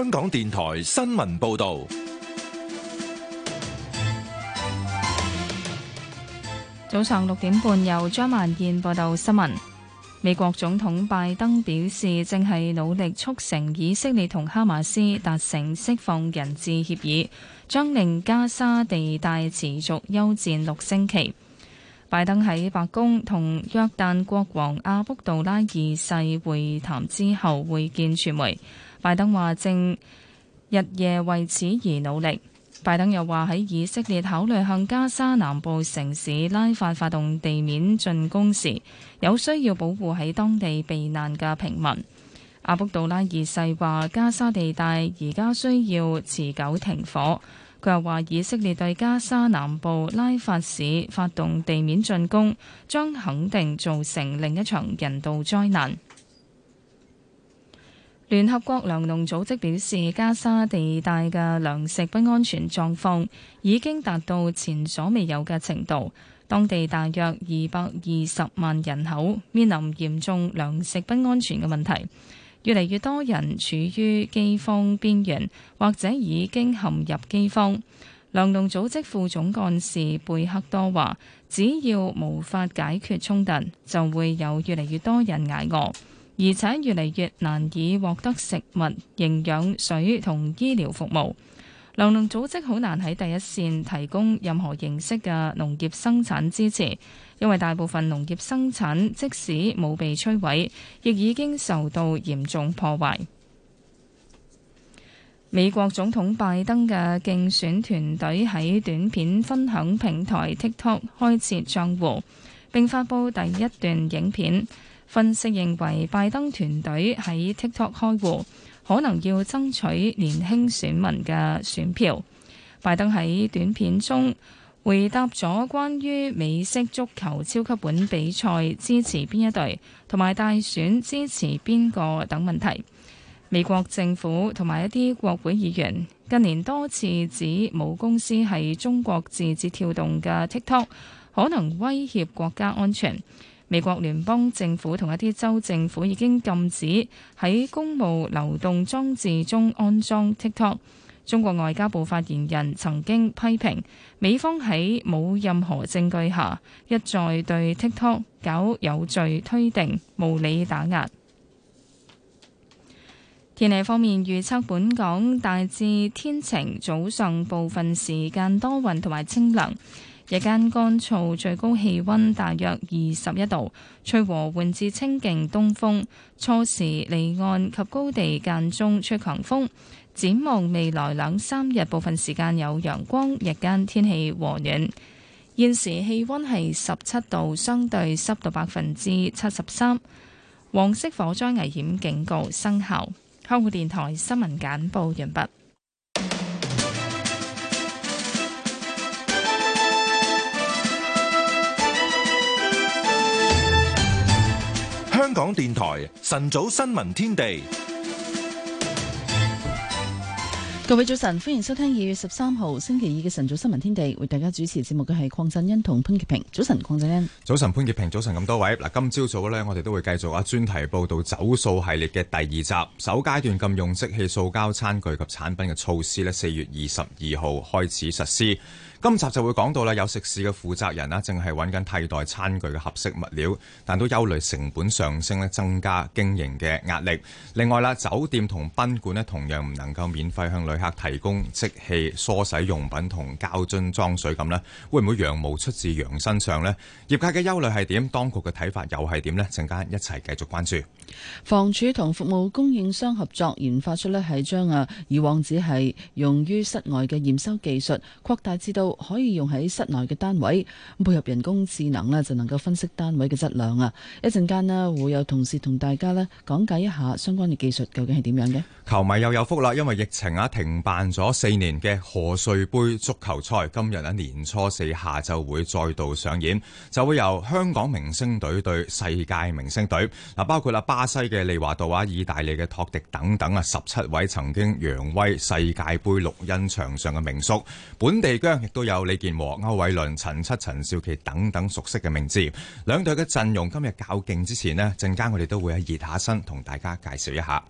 香港電台新聞報道，早上六點半由張曼燕報道新聞。美國總統拜登表示，正係努力促成以色列同哈馬斯達成釋放人質協議，將令加沙地帶持續休戰六星期。拜登喺白宮同約旦國王阿卜杜拉二世會談之後會見傳媒。拜登話正日夜為此而努力。拜登又話喺以色列考慮向加沙南部城市拉法發動地面進攻時，有需要保護喺當地避難嘅平民。阿卜杜拉二世話：加沙地帶而家需要持久停火。佢又話：以色列對加沙南部拉法市發動地面進攻，將肯定造成另一場人道災難。聯合國糧農組織表示，加沙地帶嘅糧食不安全狀況已經達到前所未有嘅程度，當地大約二百二十萬人口面臨嚴重糧食不安全嘅問題，越嚟越多人處於饑荒邊緣，或者已經陷入饑荒。糧農組織副總幹事貝克多話，只要無法解決衝突，就會有越嚟越多人捱餓。而且越嚟越難以獲得食物、營養、水同醫療服務，糧農組織好難喺第一線提供任何形式嘅農業生產支持，因為大部分農業生產即使冇被摧毀，亦已經受到嚴重破壞。美國總統拜登嘅競選團隊喺短片分享平台 TikTok 開設賬戶，並發布第一段影片。分析認為，拜登團隊喺 TikTok 開戶，可能要爭取年輕選民嘅選票。拜登喺短片中回答咗關於美式足球超級碗比賽支持邊一隊，同埋大選支持邊個等問題。美國政府同埋一啲國會議員近年多次指母公司係中國字節跳動嘅 TikTok，可能威脅國家安全。美國聯邦政府同一啲州政府已經禁止喺公務流動裝置中安裝 TikTok。中國外交部發言人曾經批評美方喺冇任何證據下，一再對 TikTok 搞有罪推定、無理打壓。天氣方面預測，本港大致天晴，早上部分時間多雲同埋清涼。日間乾燥，最高氣温大約二十一度，吹和緩至清勁東風。初時離岸及高地間中吹強風。展望未來兩三日，部分時間有陽光，日間天氣和暖。現時氣温係十七度，相對濕度百分之七十三。黃色火災危險警告生效。香港電台新聞簡報完畢。港電台晨早新聞天地，各位早晨，歡迎收聽二月十三號星期二嘅晨早新聞天地。為大家主持節目嘅係鄺振恩同潘潔平。早晨，鄺振恩。早晨，潘潔平。早晨咁多位嗱，今朝早呢，我哋都會繼續啊專題報道，走數系列嘅第二集。首階段禁用即棄塑膠餐具及產品嘅措施呢，四月二十二號開始實施。今集就會講到啦，有食肆嘅負責人啦，正係揾緊替代餐具嘅合適物料，但都憂慮成本上升咧，增加經營嘅壓力。另外啦，酒店同賓館咧，同樣唔能夠免費向旅客提供即棄梳洗用品同膠樽裝水咁咧，會唔會羊毛出自羊身上咧？業界嘅憂慮係點？當局嘅睇法又係點呢？陣間一齊繼續關注。房署同服務供應商合作研發出呢係將啊以往只係用於室外嘅驗收技術擴大至到。可以用喺室內嘅單位，配合人工智能呢，就能夠分析單位嘅質量啊！一陣間呢，會有同事同大家呢，講解一下相關嘅技術究竟係點樣嘅。球迷又有福啦，因為疫情啊停辦咗四年嘅賀歲盃足球賽，今日喺、啊、年初四下晝會再度上演，就會由香港明星隊對世界明星隊，嗱，包括啊巴西嘅利華道、啊、意大利嘅托迪等等啊十七位曾經揚威世界盃綠茵場上嘅名宿，本地薑亦都有李健和歐偉倫、陳七、陳少琪等等熟悉嘅名字。兩隊嘅陣容今日較勁之前呢，陣間我哋都會喺熱下身，同大家介紹一下。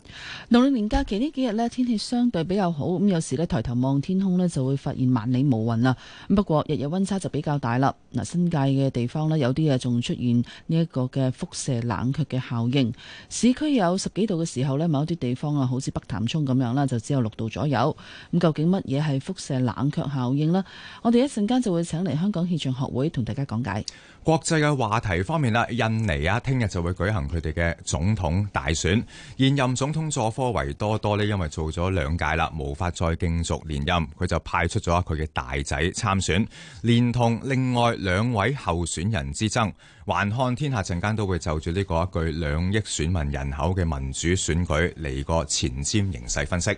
農曆年假期呢幾日呢，天氣相對比較好。咁有時呢，抬頭望天空呢，就會發現萬里無雲啦。咁不過日日溫差就比較大啦。嗱，新界嘅地方呢，有啲嘢仲出現呢一個嘅輻射冷卻嘅效應。市區有十幾度嘅時候呢，某啲地方啊，好似北潭涌咁樣啦，就只有六度左右。咁究竟乜嘢係輻射冷卻效應呢？我哋一陣間就會請嚟香港氣象學會同大家講解。國際嘅話題方面啦，印尼啊，聽日就會舉行佢哋嘅總統大選。現任總統佐科維多多咧，因為做咗兩屆啦，無法再競逐連任，佢就派出咗佢嘅大仔參選，連同另外兩位候選人之爭。環看天下，陣間都會就住呢個一句兩億選民人口嘅民主選舉嚟個前瞻形勢分析。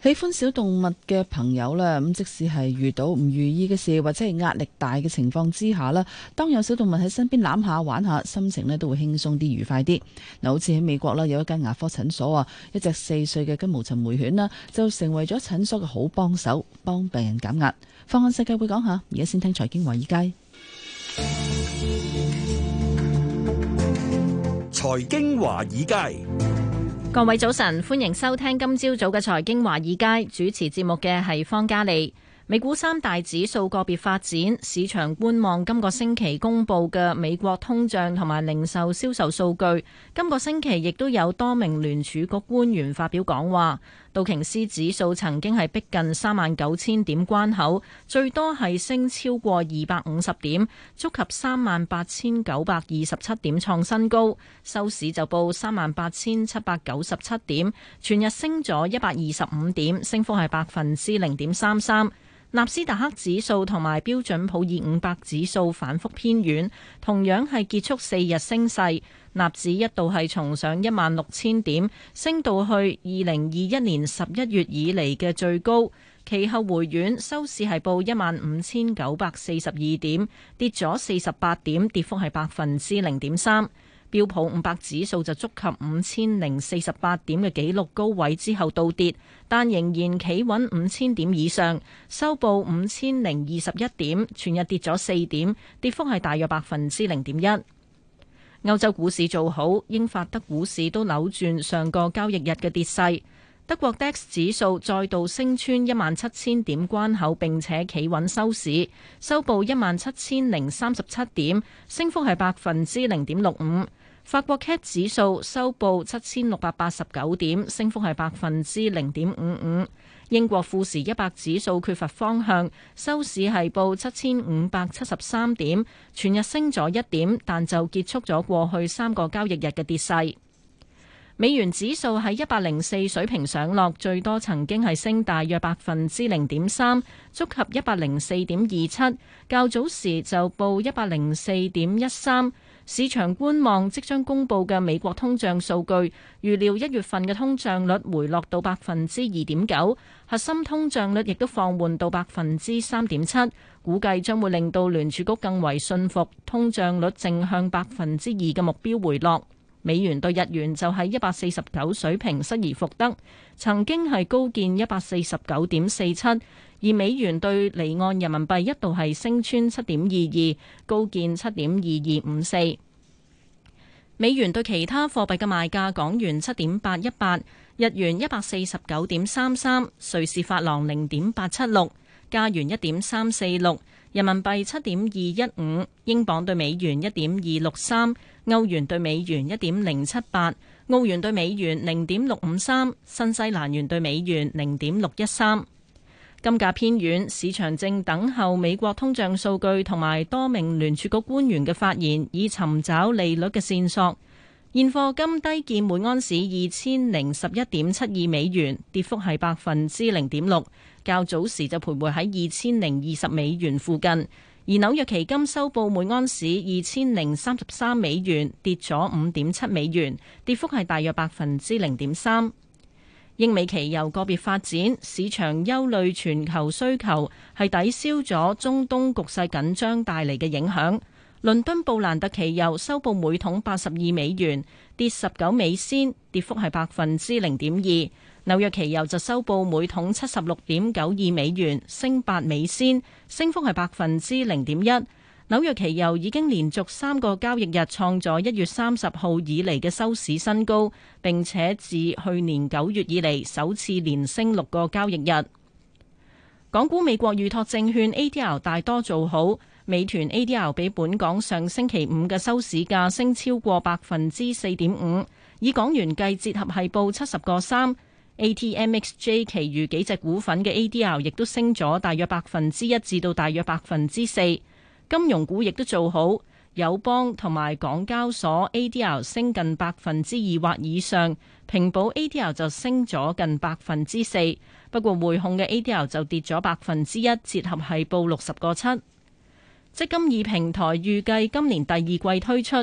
喜歡小動物嘅朋友咧，咁即使係遇到唔如意嘅事，或者係壓力大嘅情況之下咧，當有小動物喺身邊攬下玩下，心情咧都會輕鬆啲、愉快啲。嗱，好似喺美國啦，有一間牙科診所啊，一隻四歲嘅金毛尋回犬啦，就成為咗診所嘅好幫手，幫病人減壓。《放眼世界》會講下，而家先聽財經華爾街。財經華爾街，各位早晨，歡迎收聽今朝早嘅財經華爾街，主持節目嘅係方嘉利。美股三大指數個別發展，市場觀望今個星期公布嘅美國通脹同埋零售銷售數據。今個星期亦都有多名聯儲局官員發表講話。道瓊斯指數曾經係逼近三萬九千點關口，最多係升超過二百五十點，觸及三萬八千九百二十七點創新高，收市就報三萬八千七百九十七點，全日升咗一百二十五點，升幅係百分之零點三三。納斯達克指數同埋標準普爾五百指數反覆偏軟，同樣係結束四日升勢。納指一度係重上一萬六千點，升到去二零二一年十一月以嚟嘅最高。其後回軟，收市係報一萬五千九百四十二點，跌咗四十八點，跌幅係百分之零點三。標普五百指數就觸及五千零四十八點嘅紀錄高位之後倒跌，但仍然企穩五千點以上，收報五千零二十一點，全日跌咗四點，跌幅係大約百分之零點一。歐洲股市做好，英法德股市都扭轉上個交易日嘅跌勢。德國 DAX 指數再度升穿一萬七千點關口，並且企穩收市，收報一萬七千零三十七點，升幅係百分之零點六五。法國 CAC 指數收報七千六百八十九點，升幅係百分之零點五五。英國富時一百指數缺乏方向，收市係報七千五百七十三點，全日升咗一點，但就結束咗過去三個交易日嘅跌勢。美元指數喺一百零四水平上落，最多曾經係升大約百分之零點三，觸及一百零四點二七。較早時就報一百零四點一三。市場觀望即將公佈嘅美國通脹數據，預料一月份嘅通脹率回落到百分之二點九，核心通脹率亦都放緩到百分之三點七，估計將會令到聯儲局更為信服通脹率正向百分之二嘅目標回落。美元對日元就係一百四十九水平失而復得，曾經係高見一百四十九點四七，而美元對離岸人民幣一度係升穿七點二二，高見七點二二五四。美元對其他貨幣嘅賣價，港元七點八一八，日元一百四十九點三三，瑞士法郎零點八七六，加元一點三四六。人民幣七點二一五，英鎊對美元一點二六三，歐元對美元一點零七八，澳元對美元零點六五三，新西蘭元對美元零點六一三。金價偏軟，市場正等候美國通脹數據同埋多名聯儲局官員嘅發言，以尋找利率嘅線索。現貨金低見每安士二千零十一點七二美元，跌幅係百分之零點六。較早時就徘徊喺二千零二十美元附近，而紐約期金收報每安士二千零三十三美元，跌咗五點七美元，跌幅係大約百分之零點三。英美期油個別發展，市場憂慮全球需求係抵消咗中東局勢緊張帶嚟嘅影響。倫敦布蘭特期油收報每桶八十二美元，跌十九美仙，跌幅係百分之零點二。紐約期油就收報每桶七十六點九二美元，升八美仙，升幅係百分之零點一。紐約期油已經連續三個交易日創咗一月三十號以嚟嘅收市新高，並且自去年九月以嚟首次連升六個交易日。港股美國預託證券 ADR 大多做好，美團 ADR 比本港上星期五嘅收市價升超過百分之四點五，以港元計，折合係報七十個三。A.T.M.X.J.，其餘幾隻股份嘅 A.D.R. 亦都升咗，大約百分之一至到大約百分之四。金融股亦都做好，友邦同埋港交所 A.D.R. 升近百分之二或以上，平保 A.D.R. 就升咗近百分之四。不過匯控嘅 A.D.R. 就跌咗百分之一，折合係報六十個七。積金易平台預計今年第二季推出，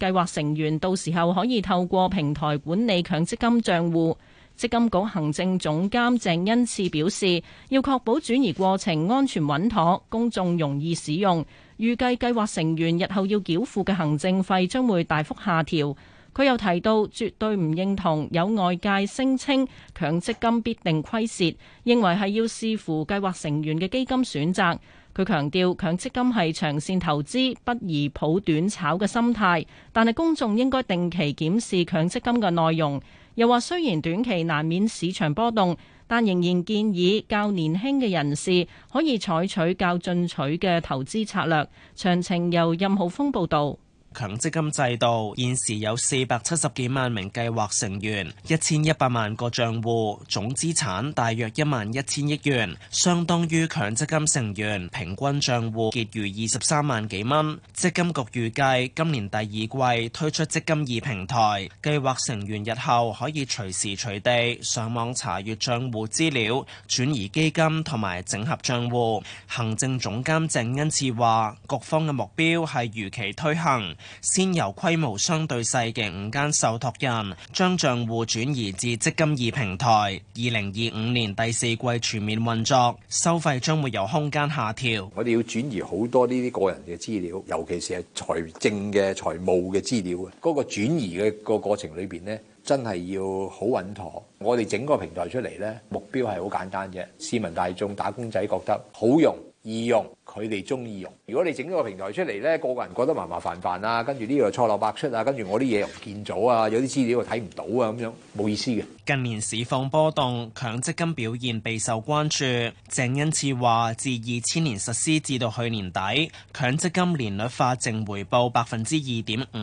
計劃成員到時候可以透過平台管理強積金賬戶。積金局行政總監鄭恩賜表示，要確保轉移過程安全穩妥，公眾容易使用。預計計劃成員日後要繳付嘅行政費將會大幅下調。佢又提到，絕對唔認同有外界聲稱強積金必定虧蝕，認為係要視乎計劃成員嘅基金選擇。佢強調，強積金係長線投資，不宜抱短炒嘅心態。但係公眾應該定期檢視強積金嘅內容。又話雖然短期難免市場波動，但仍然建議較年輕嘅人士可以採取較進取嘅投資策略。詳情由任浩峰報導。強積金制度現時有四百七十幾萬名計劃成員，一千一百萬個賬戶，總資產大約一萬一千億元，相當於強積金成員平均賬戶結餘二十三萬幾蚊。積金局預計今年第二季推出積金易平台，計劃成員日後可以隨時隨地上網查閱賬戶資料、轉移基金同埋整合賬戶。行政總監鄭恩賜話，各方嘅目標係如期推行。先由規模相對細嘅五間受託人將帳戶轉移至積金易平台，二零二五年第四季全面運作，收費將會由空間下調。我哋要轉移好多呢啲個人嘅資料，尤其是係財政嘅財務嘅資料啊。嗰個轉移嘅個過程裏邊呢，真係要好穩妥。我哋整個平台出嚟呢，目標係好簡單嘅：市民大眾打工仔覺得好用易用。佢哋中意用。如果你整個平台出嚟呢，個個人覺得麻麻煩煩啊，跟住呢個錯漏百出啊，跟住我啲嘢又唔見咗啊，有啲資料又睇唔到啊，咁樣冇意思嘅。近年市況波動，強積金表現備受關注。鄭恩賜話：自二千年實施至到去年底，強積金年率化淨回報百分之二點五，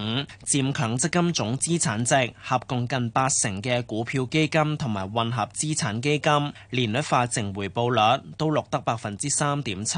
佔強積金總資產值合共近八成嘅股票基金同埋混合資產基金年率化淨回報率都錄得百分之三點七。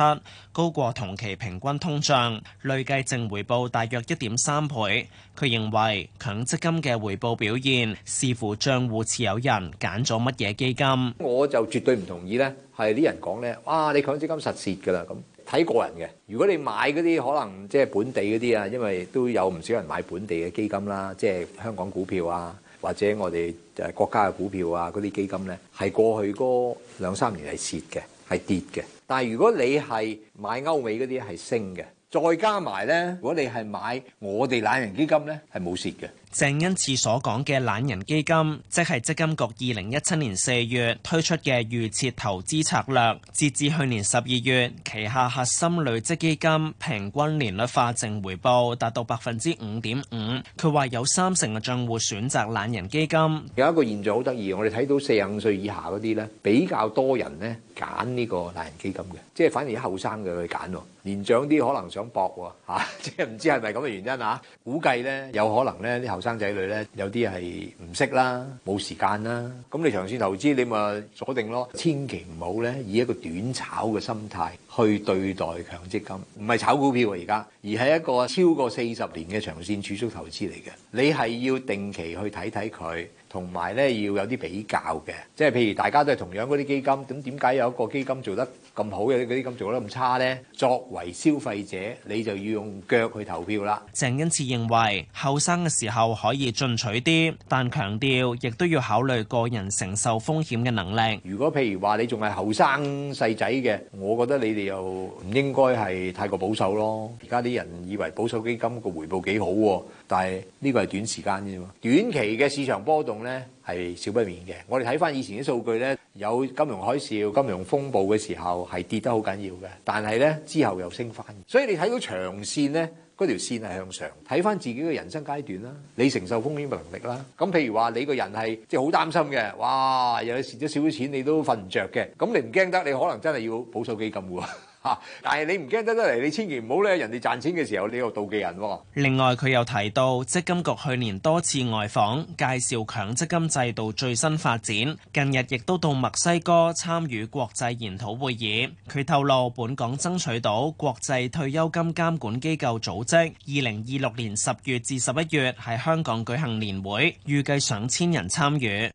超過同期平均通脹，累計淨回報大約一點三倍。佢認為強積金嘅回報表現視乎帳戶持有人揀咗乜嘢基金。我就絕對唔同意咧，係啲人講咧，哇！你強積金實蝕㗎啦，咁睇個人嘅。如果你買嗰啲可能即係本地嗰啲啊，因為都有唔少人買本地嘅基金啦，即係香港股票啊，或者我哋誒國家嘅股票啊嗰啲基金咧，係過去嗰兩三年係蝕嘅，係跌嘅。但係如果你係買歐美嗰啲係升嘅，再加埋呢，如果你係買我哋懶人基金呢，係冇蝕嘅。鄭恩慈所講嘅懶人基金，即係積金局二零一七年四月推出嘅預設投資策略。截至去年十二月，旗下核心累積基金平均年率化淨回報達到百分之五點五。佢話有三成嘅帳戶選擇懶人基金。有一個現象好得意，我哋睇到四十五歲以下嗰啲呢，比較多人呢。揀呢個懶人基金嘅，即係反而啲後生嘅去揀喎，年長啲可能想搏喎，吓、即係唔知係咪咁嘅原因啊？估計咧有可能咧啲後生仔女咧有啲係唔識啦，冇時間啦。咁你長線投資你咪鎖定咯，千祈唔好咧以一個短炒嘅心態去對待強積金，唔係炒股票啊！而家而係一個超過四十年嘅長線儲蓄投資嚟嘅。你係要定期去睇睇佢，同埋咧要有啲比較嘅，即係譬如大家都係同樣嗰啲基金，咁點解有一個基金做得咁好，有啲嗰啲基金做得咁差咧？作為消費者，你就要用腳去投票啦。鄭恩慈認為後生嘅時候可以進取啲，但強調亦都要考慮個人承受風險嘅能力。如果譬如話你仲係後生細仔嘅，我覺得你哋又唔應該係太過保守咯。而家啲人以為保守基金個回報幾好喎，但係呢個短時間啫嘛，短期嘅市場波動咧係少不免嘅。我哋睇翻以前嘅數據咧，有金融海嘯、金融風暴嘅時候係跌得好緊要嘅，但係咧之後又升翻。所以你睇到長線咧，嗰條線係向上。睇翻自己嘅人生階段啦，你承受風險能力啦。咁譬如話，你個人係即係好擔心嘅，哇！有時蝕咗少少錢你都瞓唔着嘅，咁你唔驚得，你可能真係要保守基金喎。 但係你唔驚得得嚟，你千祈唔好咧。人哋賺錢嘅時候，你又妒忌人哦。另外，佢又提到，積金局去年多次外訪，介紹強積金制度最新發展。近日亦都到墨西哥參與國際研討會議。佢透露，本港爭取到國際退休金監管機構組織二零二六年十月至十一月喺香港舉行年會，預計上千人參與。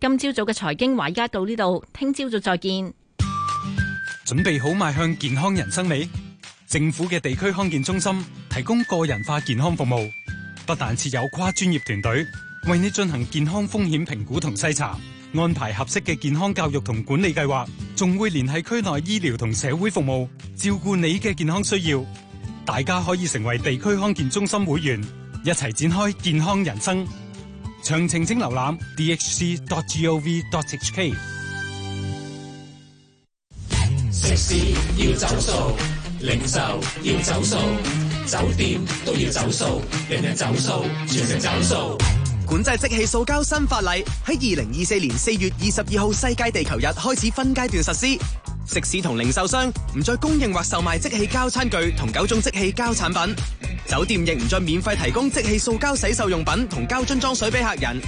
今朝早嘅財經華街到呢度，聽朝早再見。準備好邁向健康人生未？政府嘅地區康健中心提供個人化健康服務，不但設有跨專業團隊為你進行健康風險評估同篩查，安排合適嘅健康教育同管理計劃，仲會聯繫區內醫療同社會服務照顧你嘅健康需要。大家可以成為地區康健中心會員，一齊展開健康人生。詳情請瀏覽 dhc.gov.hk。食肆要走塑，零售要走塑，酒店都要走塑，人人走塑，全城走塑。管制即棄塑膠新法例喺二零二四年四月二十二號世界地球日開始分階段實施，食肆同零售商唔再供應或售賣即棄膠餐具同九種即棄膠產品，酒店亦唔再免費提供即棄塑膠洗漱用品同膠樽裝水俾客人。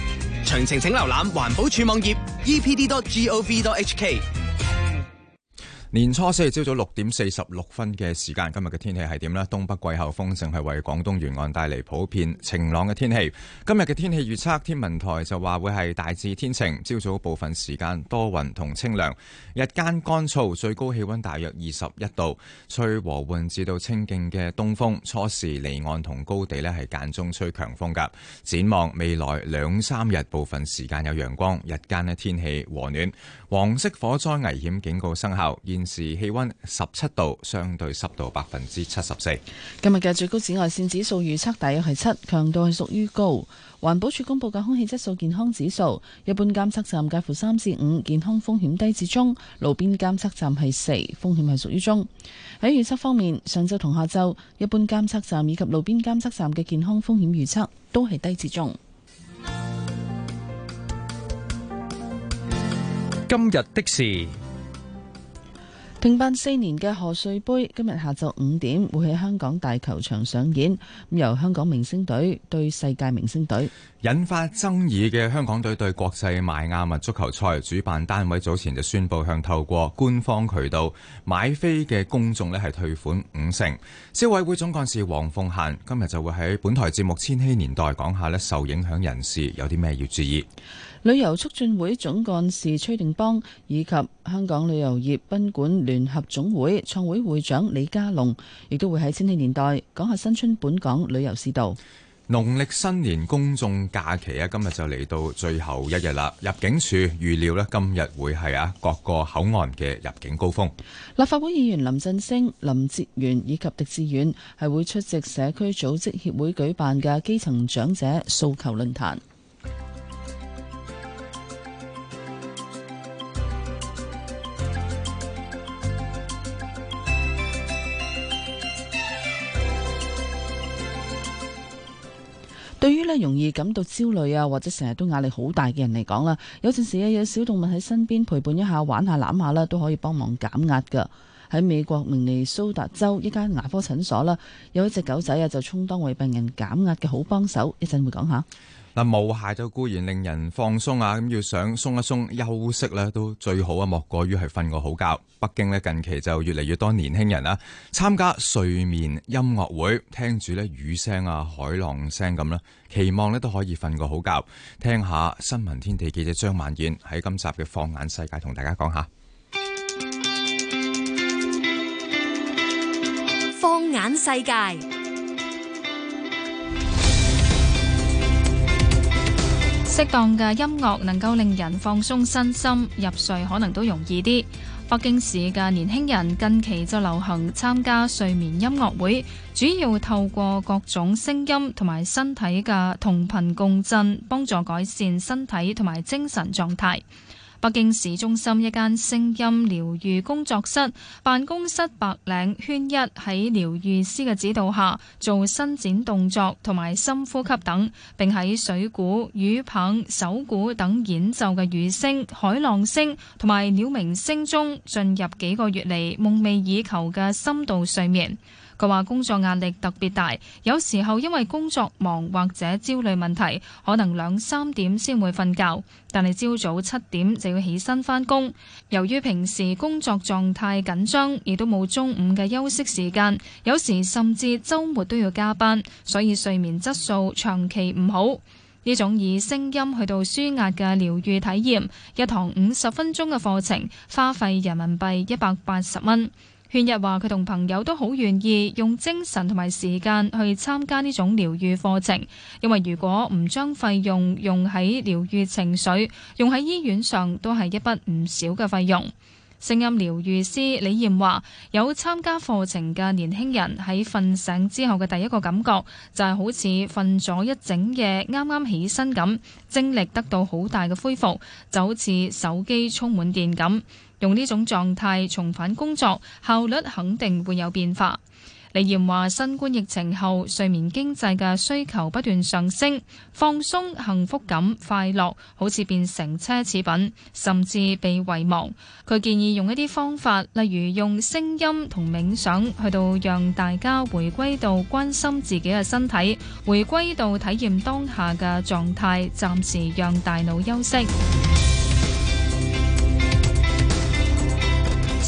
詳情請瀏覽環保署網頁 e p d dot g o v dot h k。年初四朝早六點四十六分嘅時間，今日嘅天氣係點呢？東北季候風正係為廣東沿岸帶嚟普遍晴朗嘅天氣。今日嘅天氣預測，天文台就話會係大致天晴，朝早部分時間多雲同清涼，日間乾燥，最高氣溫大約二十一度，吹和緩至到清勁嘅東風，初時離岸同高地呢係間中吹強風噶。展望未來兩三日，部分時間有陽光，日間咧天氣和暖。黃色火災危險警告生效。現時氣溫十七度，相對濕度百分之七十四。今日嘅最高紫外線指數預測大約係七，強度係屬於高。環保署公布嘅空氣質素健康指數，一般監測站介乎三至五，健康風險低至中；路邊監測站係四，風險係屬於中。喺預測方面，上晝同下晝，一般監測站以及路邊監測站嘅健康風險預測都係低至中。今日的事。停辦四年嘅賀歲盃今日下晝五點會喺香港大球場上演，咁由香港明星隊對世界明星隊。引發爭議嘅香港隊對國際邁阿密足球賽，主辦單位早前就宣布向透過官方渠道買飛嘅公眾呢，係退款五成。消委會總幹事黃鳳嫻今日就會喺本台節目《千禧年代》講下呢，受影響人士有啲咩要注意。旅遊促進會總幹事崔定邦，以及香港旅遊業賓館聯合總會創會會長李家龍，亦都會喺千禧年代講下新春本港旅遊市道。農曆新年公眾假期啊，今日就嚟到最後一日啦。入境處預料呢，今日會係啊各個口岸嘅入境高峰。立法會議員林振升、林哲元以及狄志遠係會出席社區組織協會舉辦嘅基層長者訴求論壇。對於呢容易感到焦慮啊，或者成日都壓力好大嘅人嚟講啦，有陣時啊有小動物喺身邊陪伴一下、玩下、攬下啦，都可以幫忙減壓㗎。喺美國明尼蘇達州一間牙科診所啦，有一隻狗仔啊，就充當為病人減壓嘅好幫手，一陣會講下。嗱，無鞋就固然令人放鬆啊！咁要想鬆一鬆休息咧，都最好啊，莫過於係瞓個好覺。北京咧近期就越嚟越多年輕人啦，參加睡眠音樂會，聽住咧雨聲啊、海浪聲咁啦，期望咧都可以瞓個好覺。聽下新聞天地記者張曼燕喺今集嘅《放眼世界》同大家講下《放眼世界》。適當嘅音樂能夠令人放鬆身心，入睡可能都容易啲。北京市嘅年輕人近期就流行參加睡眠音樂會，主要透過各種聲音同埋身體嘅同頻共振，幫助改善身體同埋精神狀態。北京市中心一間聲音療癒工作室，辦公室白領圈一喺療癒師嘅指導下做伸展動作同埋深呼吸等，並喺水鼓、雨棒、手鼓等演奏嘅雨聲海浪聲同埋鳥鳴聲中進入幾個月嚟夢寐以求嘅深度睡眠。佢話工作壓力特別大，有時候因為工作忙或者焦慮問題，可能兩三點先會瞓覺。但係朝早七點就要起身返工。由於平時工作狀態緊張，亦都冇中午嘅休息時間，有時甚至週末都要加班，所以睡眠質素長期唔好。呢種以聲音去到舒壓嘅療癒體驗，一堂五十分鐘嘅課程，花費人民幣一百八十蚊。勸日話佢同朋友都好願意用精神同埋時間去參加呢種療愈課程，因為如果唔將費用用喺療愈情緒、用喺醫院上，都係一筆唔少嘅費用。聲音療愈師李燕話：有參加課程嘅年輕人喺瞓醒之後嘅第一個感覺就係好似瞓咗一整夜啱啱起身咁，精力得到好大嘅恢復，就好似手機充滿電咁。用呢種狀態重返工作，效率肯定會有變化。李豔話：新冠疫情後，睡眠經濟嘅需求不斷上升，放鬆、幸福感、快樂好似變成奢侈品，甚至被遺忘。佢建議用一啲方法，例如用聲音同冥想，去到讓大家回歸到關心自己嘅身體，回歸到體驗當下嘅狀態，暫時讓大腦休息。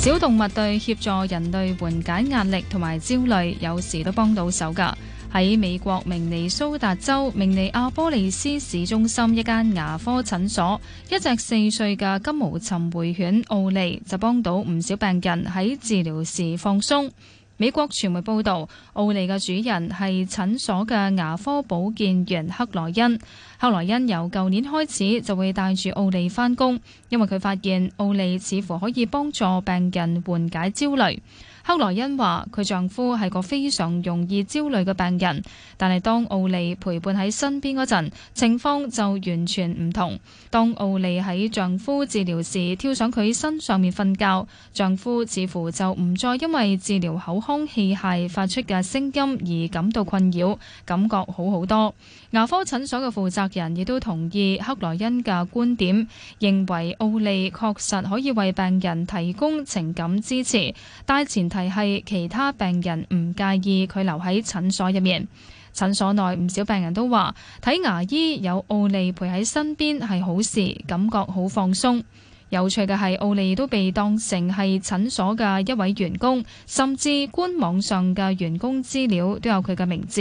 小動物對協助人類緩解壓力同埋焦慮，有時都幫到手㗎。喺美國明尼蘇達州明尼阿波利斯市中心一間牙科診所，一隻四歲嘅金毛尋回犬奧利就幫到唔少病人喺治療時放鬆。美國傳媒報導，奧利嘅主人係診所嘅牙科保健員克萊恩。克萊恩由舊年開始就會帶住奧利返工，因為佢發現奧利似乎可以幫助病人緩解焦慮。克萊恩話：佢丈夫係個非常容易焦慮嘅病人，但係當奧利陪伴喺身邊嗰陣，情況就完全唔同。當奧利喺丈夫治療時，跳上佢身上面瞓覺，丈夫似乎就唔再因為治療口腔器械發出嘅聲音而感到困擾，感覺好好多。牙科診所嘅負責人亦都同意克萊恩嘅觀點，認為奧利確實可以為病人提供情感支持，但前提係其他病人唔介意佢留喺診所入面。診所內唔少病人都話睇牙醫有奧利陪喺身邊係好事，感覺好放鬆。有趣嘅係，奧利都被當成係診所嘅一位員工，甚至官網上嘅員工資料都有佢嘅名字。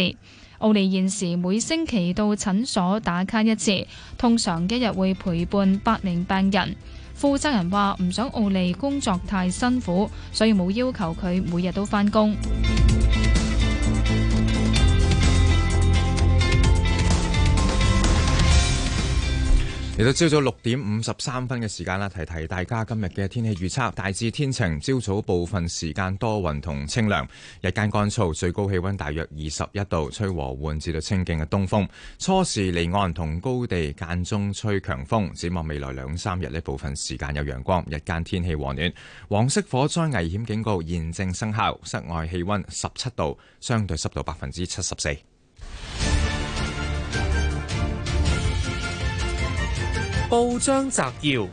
奧利現時每星期到診所打卡一次，通常一日會陪伴八名病人。負責人話：唔想奧利工作太辛苦，所以冇要求佢每日都返工。嚟到朝早六點五十三分嘅時間啦，提提大家今日嘅天氣預測，大致天晴，朝早部分時間多雲同清涼，日間乾燥，最高氣溫大約二十一度，吹和緩至到清勁嘅東風，初時離岸同高地間中吹強風。展望未來兩三日呢，部分時間有陽光，日間天氣和暖。黃色火災危險警告現正生效，室外氣溫十七度，相對濕度百分之七十四。報章摘要：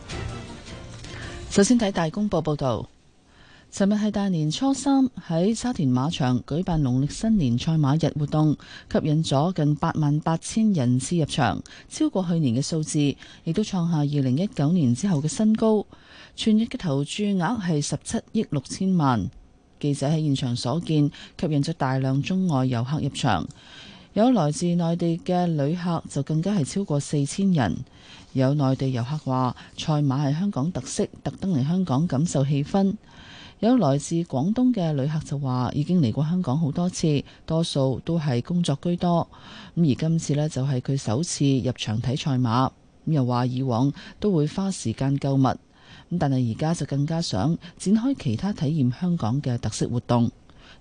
首先睇大公報報道，尋日係大年初三喺沙田馬場舉辦農曆新年賽馬日活動，吸引咗近八萬八千人次入場，超過去年嘅數字，亦都創下二零一九年之後嘅新高。全日嘅投注額係十七億六千萬。記者喺現場所見，吸引咗大量中外遊客入場，有來自內地嘅旅客就更加係超過四千人。有內地遊客話：賽馬係香港特色，特登嚟香港感受氣氛。有來自廣東嘅旅客就話：已經嚟過香港好多次，多數都係工作居多。咁而今次呢，就係佢首次入場睇賽馬。咁又話以往都會花時間購物，咁但係而家就更加想展開其他體驗香港嘅特色活動。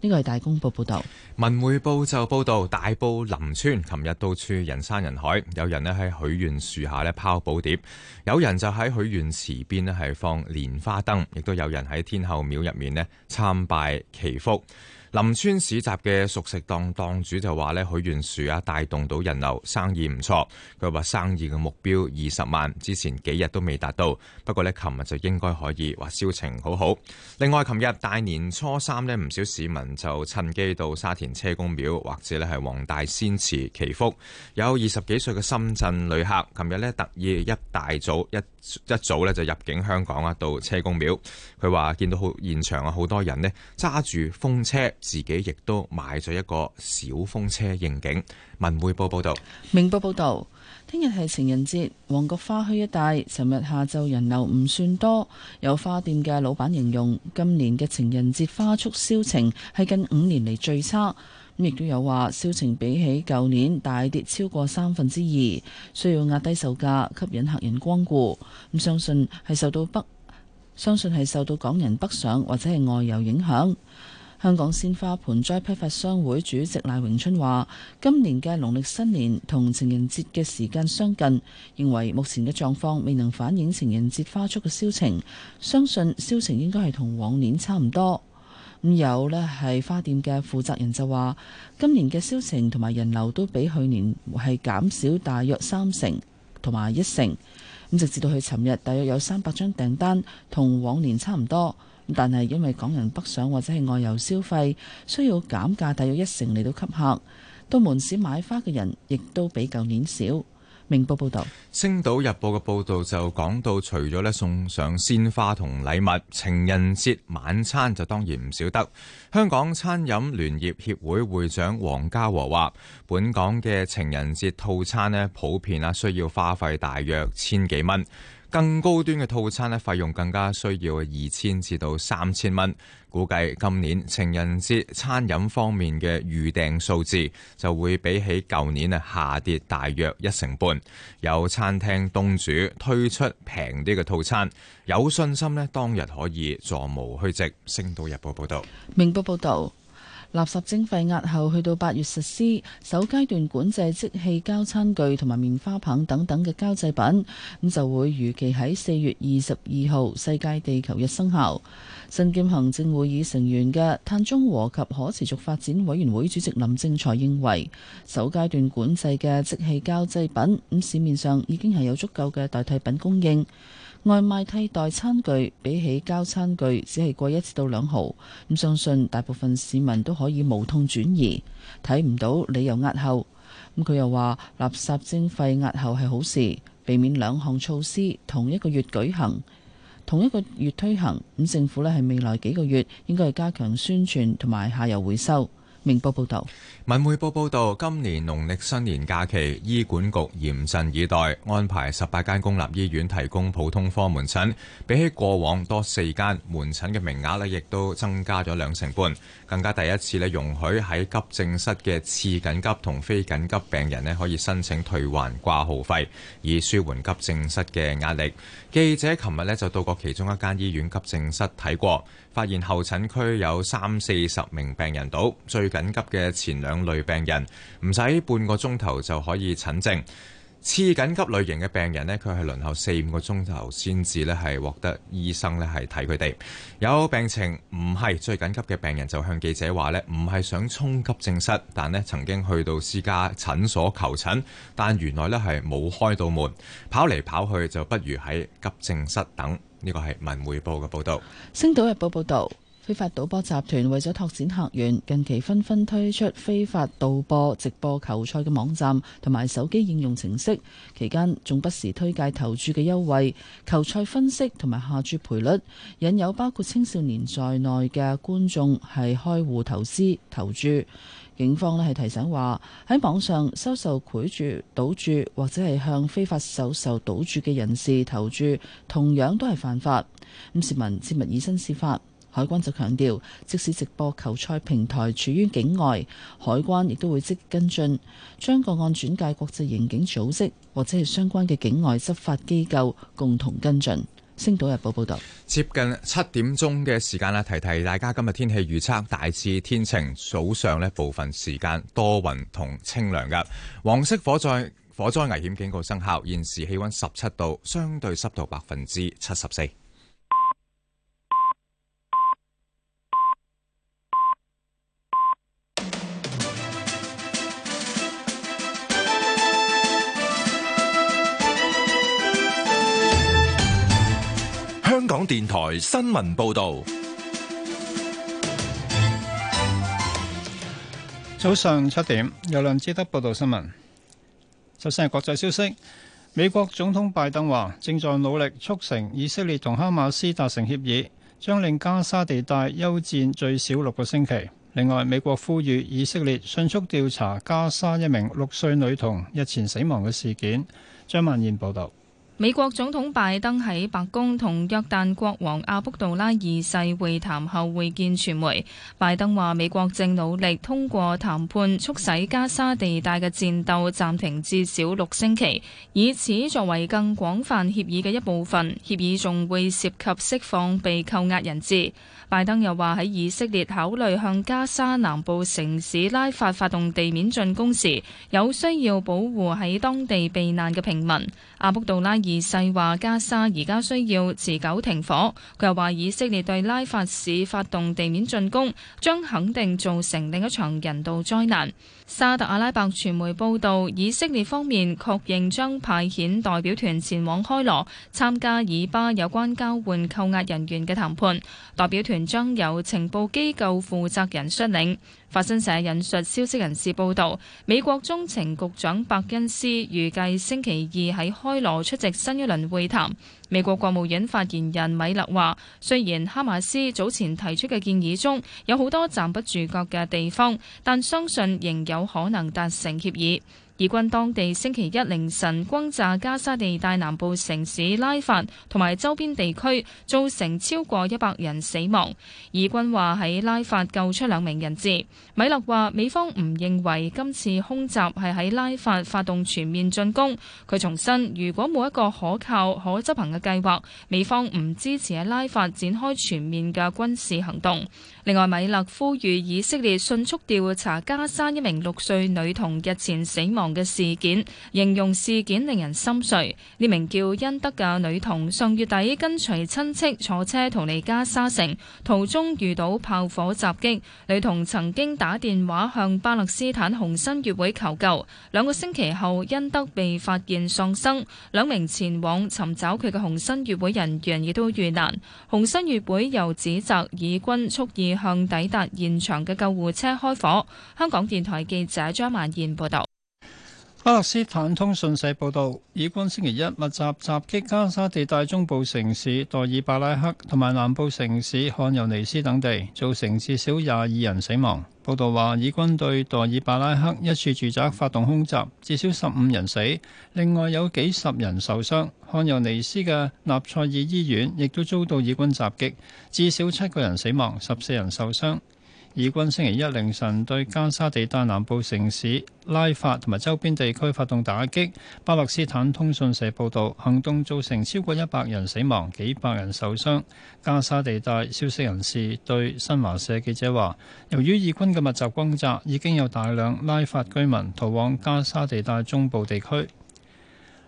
呢個係大公報報道，文匯報就報道大埔林村，琴日到處人山人海，有人咧喺許願樹下咧拋寶碟，有人就喺許願池邊咧係放蓮花燈，亦都有人喺天后廟入面咧參拜祈福。林村市集嘅熟食檔檔主就話呢，許願樹啊帶動到人流，生意唔錯。佢話生意嘅目標二十萬，之前幾日都未達到，不過呢，琴日就應該可以，話銷情好好。另外，琴日大年初三呢，唔少市民就趁機到沙田車公廟或者呢係黃大仙祠祈福。有二十幾歲嘅深圳旅客，琴日呢特意一大早一一早呢就入境香港啊，到車公廟。佢話見到好現場啊，好多人呢揸住風車，自己亦都買咗一個小風車應景。文匯報報道，明報報道，聽日係情人節，旺角花墟一帶，尋日下晝人流唔算多。有花店嘅老闆形容，今年嘅情人節花束銷情係近五年嚟最差。咁亦都有話，銷情比起舊年大跌超過三分之二，需要壓低售價吸引客人光顧。咁相信係受到北，相信係受，受到港人北上或者係外遊影響。香港鮮花盆栽批發商會主席賴永春話：今年嘅農曆新年同情人節嘅時間相近，認為目前嘅狀況未能反映情人節花束嘅銷情，相信銷情應該係同往年差唔多。咁、嗯、有咧係花店嘅負責人就話：今年嘅銷情同埋人流都比去年係減少大約三成同埋一成。咁、嗯、直至到佢尋日，大約有三百張訂單，同往年差唔多。但係因為港人北上或者係外遊消費，需要減價大約一成嚟到吸客，到門市買花嘅人亦都比舊年少。明報報導，《星島日報》嘅報導就講到，除咗呢送上鮮花同禮物，情人節晚餐就當然唔少得。香港餐飲聯業協會會長黃家和話，本港嘅情人節套餐呢普遍啊需要花費大約千幾蚊。更高端嘅套餐呢，費用更加需要二千至到三千蚊。估計今年情人節餐飲方面嘅預訂數字就會比起舊年啊下跌大約一成半。有餐廳東主推出平啲嘅套餐，有信心呢，當日可以座無虛席。星島日報報道。明報報導。垃圾徵費押後去到八月實施首階段管制，即棄膠餐具同埋棉花棒等等嘅膠製品，咁就會預期喺四月二十二號世界地球日生效。身兼行政會議成員嘅碳中和及可持續發展委員會主席林正財認為，首階段管制嘅即棄膠製品咁市面上已經係有足夠嘅代替品供應。外賣替代餐具比起膠餐具只係貴一次到兩毫，咁相信大部分市民都可以無痛轉移，睇唔到理由押後。咁佢又話垃圾徵費押後係好事，避免兩項措施同一個月舉行，同一個月推行。咁政府呢係未來幾個月應該係加強宣傳同埋下游回收。明報報道。文匯報報道，今年農曆新年假期，醫管局嚴陣以待，安排十八間公立醫院提供普通科門診，比起過往多四間，門診嘅名額咧亦都增加咗兩成半。更加第一次咧容許喺急症室嘅次緊急同非緊急病人咧可以申請退還掛號費，以舒緩急症室嘅壓力。記者琴日咧就到過其中一間醫院急症室睇過，發現候診區有三四十名病人到最緊急嘅前兩。類病人唔使半個鐘頭就可以診症，次緊急類型嘅病人呢佢係輪候四五個鐘頭先至呢係獲得醫生呢係睇佢哋。有病情唔係最緊急嘅病人就向記者話呢唔係想衝急症室，但呢曾經去到私家診所求診，但原來呢係冇開到門，跑嚟跑去就不如喺急症室等。呢個係文匯報嘅報道。星島日報報道。非法賭博集團為咗拓展客源，近期紛紛推出非法賭博直播球賽嘅網站同埋手機應用程式，期間仲不時推介投注嘅優惠、球賽分析同埋下注賠率，引誘包括青少年在內嘅觀眾係開戶投資投注。警方呢係提醒話，喺網上收受賄賂、賭注或者係向非法收受賭注嘅人士投注，同樣都係犯法。市民切勿以身試法。海關就強調，即使直播球賽平台處於境外，海關亦都會積極跟進，將個案轉介國際刑警組織或者係相關嘅境外執法機構共同跟進。星島日報報道：「接近七點鐘嘅時間啦，提提大家今日天，天氣預測大致天晴，早上呢部分時間多雲同清涼噶。黃色火災火災危險警告生效，現時氣温十七度，相對濕度百分之七十四。香港電台新聞報道，早上七點，有兩支得報道新聞。首先係國際消息，美國總統拜登話正在努力促成以色列同哈馬斯達成協議，將令加沙地帶休戰最少六個星期。另外，美國呼籲以色列迅速調查加沙一名六歲女童日前死亡嘅事件。張曼燕報道。美國總統拜登喺白宮同約旦國王阿卜杜拉二世會談後會見傳媒。拜登話：美國正努力通過談判促使加沙地帶嘅戰鬥暫停至少六星期，以此作為更廣泛協議嘅一部分。協議仲會涉及釋放被扣押人質。拜登又話：喺以色列考慮向加沙南部城市拉法發動地面進攻時，有需要保護喺當地避難嘅平民。阿卜杜拉二。而世話加沙而家需要持久停火。佢又話：以色列對拉法市發動地面進攻，將肯定造成另一場人道災難。沙特阿拉伯傳媒報道，以色列方面確認將派遣代表團前往開羅參加以巴有關交換扣押人員嘅談判。代表團將由情報機構負責人率領。法新社引述消息人士報道，美國中情局長伯恩斯預計星期二喺開羅出席新一輪會談。美國國務院發言人米勒話，雖然哈馬斯早前提出嘅建議中有好多站不住腳嘅地方，但相信仍有可能達成協議。以軍當地星期一凌晨轟炸加沙地帶南部城市拉法同埋周邊地區，造成超過一百人死亡。以軍話喺拉法救出兩名人質。米勒話：美方唔認為今次空襲係喺拉法發動全面進攻。佢重申，如果冇一個可靠可執行嘅計劃，美方唔支持喺拉法展開全面嘅軍事行動。另外，米勒呼籲以色列迅速調查加沙一名六歲女童日前死亡嘅事件，形容事件令人心碎。呢名叫恩德嘅女童上月底跟隨親戚坐車逃離加沙城，途中遇到炮火襲擊。女童曾經打電話向巴勒斯坦紅新月會求救。兩個星期後，恩德被發現喪生。兩名前往尋找佢嘅紅新月會人員亦都遇難。紅新月會又指責以軍蓄意向抵達現場嘅救護車開火。香港電台記者張萬燕報道。巴勒斯坦通訊社報道，以軍星期一密集襲擊加沙地帶中部城市代爾巴拉克同埋南部城市汗尤尼斯等地，造成至少廿二人死亡。報道話，以軍對代爾巴拉克一處住宅發動空襲，至少十五人死，另外有幾十人受傷。汗尤尼斯嘅納賽爾醫院亦都遭到以軍襲擊，至少七個人死亡，十四人受傷。以軍星期一凌晨對加沙地帶南部城市拉法同埋周邊地區發動打擊。巴勒斯坦通訊社報導，行動造成超過一百人死亡、幾百人受傷。加沙地帶消息人士對新華社記者話：由於以軍嘅密集轟炸，已經有大量拉法居民逃往加沙地帶中部地區。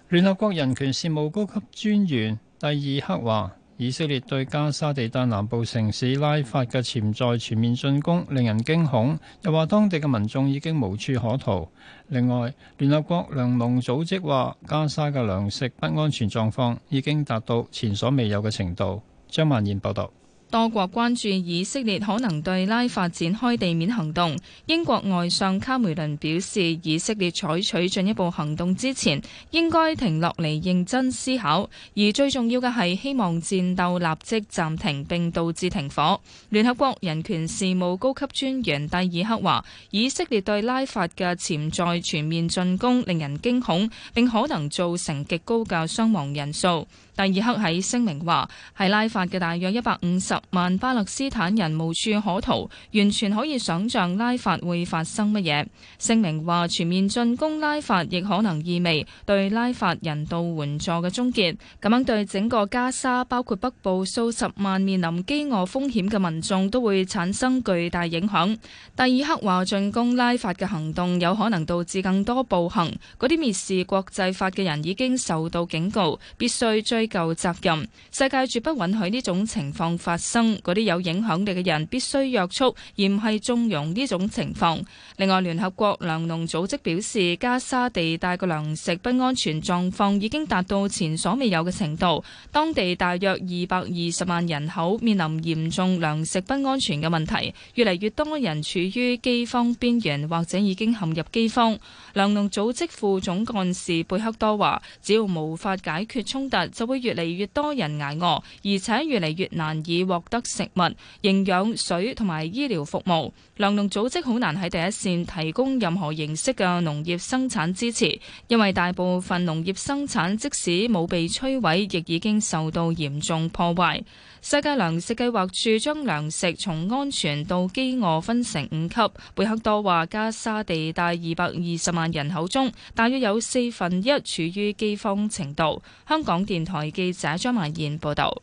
聯合國人權事務高級專員蒂爾克話，以色列對加沙地帶南部城市拉法嘅潛在全面進攻令人驚恐，又話當地嘅民眾已經無處可逃。另外，聯合國糧農組織話，加沙嘅糧食不安全狀況已經達到前所未有嘅程度。張萬賢報道。多國關注以色列可能對拉法展開地面行動。英國外相卡梅倫表示，以色列採取進一步行動之前，應該停落嚟認真思考。而最重要嘅係希望戰鬥立即暫停並導致停火。聯合國人權事務高級專員蒂爾克話，以色列對拉法嘅潛在全面進攻令人驚恐，並可能造成極高嘅傷亡人數。第爾克喺聲明話，喺拉法嘅大約一百五十萬巴勒斯坦人無處可逃，完全可以想象拉法會發生乜嘢。聲明話，全面進攻拉法亦可能意味對拉法人道援助嘅終結，咁樣對整個加沙，包括北部數十萬面臨饑餓風險嘅民眾都會產生巨大影響。第爾克話進攻拉法嘅行動有可能導致更多暴行，嗰啲蔑視國際法嘅人已經受到警告，必須最。夠責任，世界絕不允許呢種情況發生。嗰啲有影響力嘅人必須約束，而唔係縱容呢種情況。另外，聯合國糧農組織表示，加沙地帶嘅糧食不安全狀況已經達到前所未有嘅程度，當地大約二百二十萬人口面臨嚴重糧食不安全嘅問題，越嚟越多人處於飢荒邊緣，或者已經陷入飢荒。糧農組織副總幹事貝克多話，只要無法解決衝突，就會越嚟越多人捱餓，而且越嚟越難以獲得食物、營養、水同埋醫療服務。糧農組織好難喺第一綫提供任何形式嘅農業生產支持，因為大部分農業生產即使冇被摧毀，亦已經受到嚴重破壞。世界糧食計劃署將糧食從安全到饑餓分成五級。貝克多話：加沙地帶二百二十萬人口中，大約有四分一處於饑荒程度。香港電台記者張曼燕報導。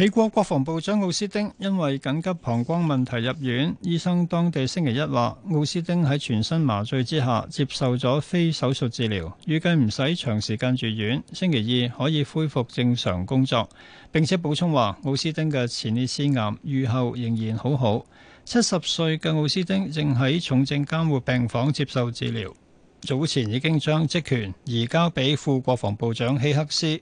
美國國防部長奧斯汀因為緊急膀胱問題入院，醫生當地星期一話，奧斯汀喺全身麻醉之下接受咗非手術治療，預計唔使長時間住院，星期二可以恢復正常工作，並且補充話，奧斯汀嘅前列腺癌預後仍然好好。七十歲嘅奧斯汀正喺重症監護病房接受治療，早前已經將職權移交俾副國防部長希克斯。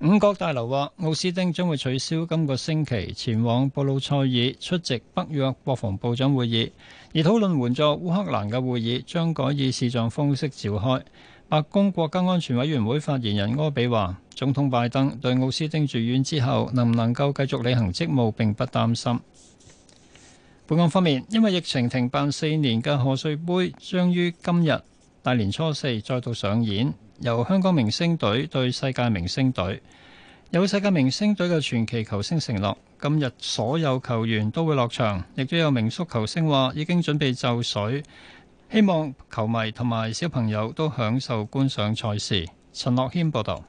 五角大樓話，奧斯丁將會取消今個星期前往布魯塞爾出席北約國防部長會議，而討論援助烏克蘭嘅會議將改以視像方式召開。白宮國家安，安全委員會發言人柯比話，總統拜登對奧斯丁住院之後能唔能夠繼續履行職務並不擔心。本港方面，因為疫情停辦四年嘅賀歲杯，將於今日大年初四再度上演。由香港明星隊對世界明星隊，有世界明星隊嘅傳奇球星承諾，今日所有球員都會落場，亦都有名宿球星話已經準備就緒，希望球迷同埋小朋友都享受觀賞賽事。陳樂謙報道，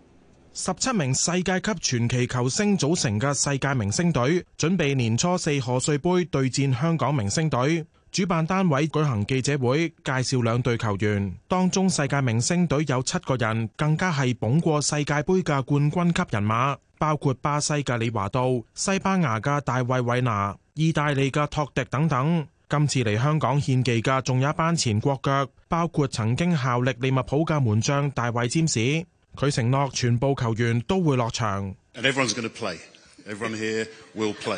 十七名世界級傳奇球星組成嘅世界明星隊，準備年初四賀歲杯對戰香港明星隊。主辦單位舉行記者會，介紹兩隊球員，當中世界明星隊有七個人，更加係捧過世界盃嘅冠軍級人馬，包括巴西嘅李華多、西班牙嘅大衛韋拿、意大利嘅托迪等等。今次嚟香港獻技嘅仲有一班前國腳，包括曾經效力利物浦嘅門將大衛占士。佢承諾全部球員都會落場。Everyone's going to play. Everyone here will play.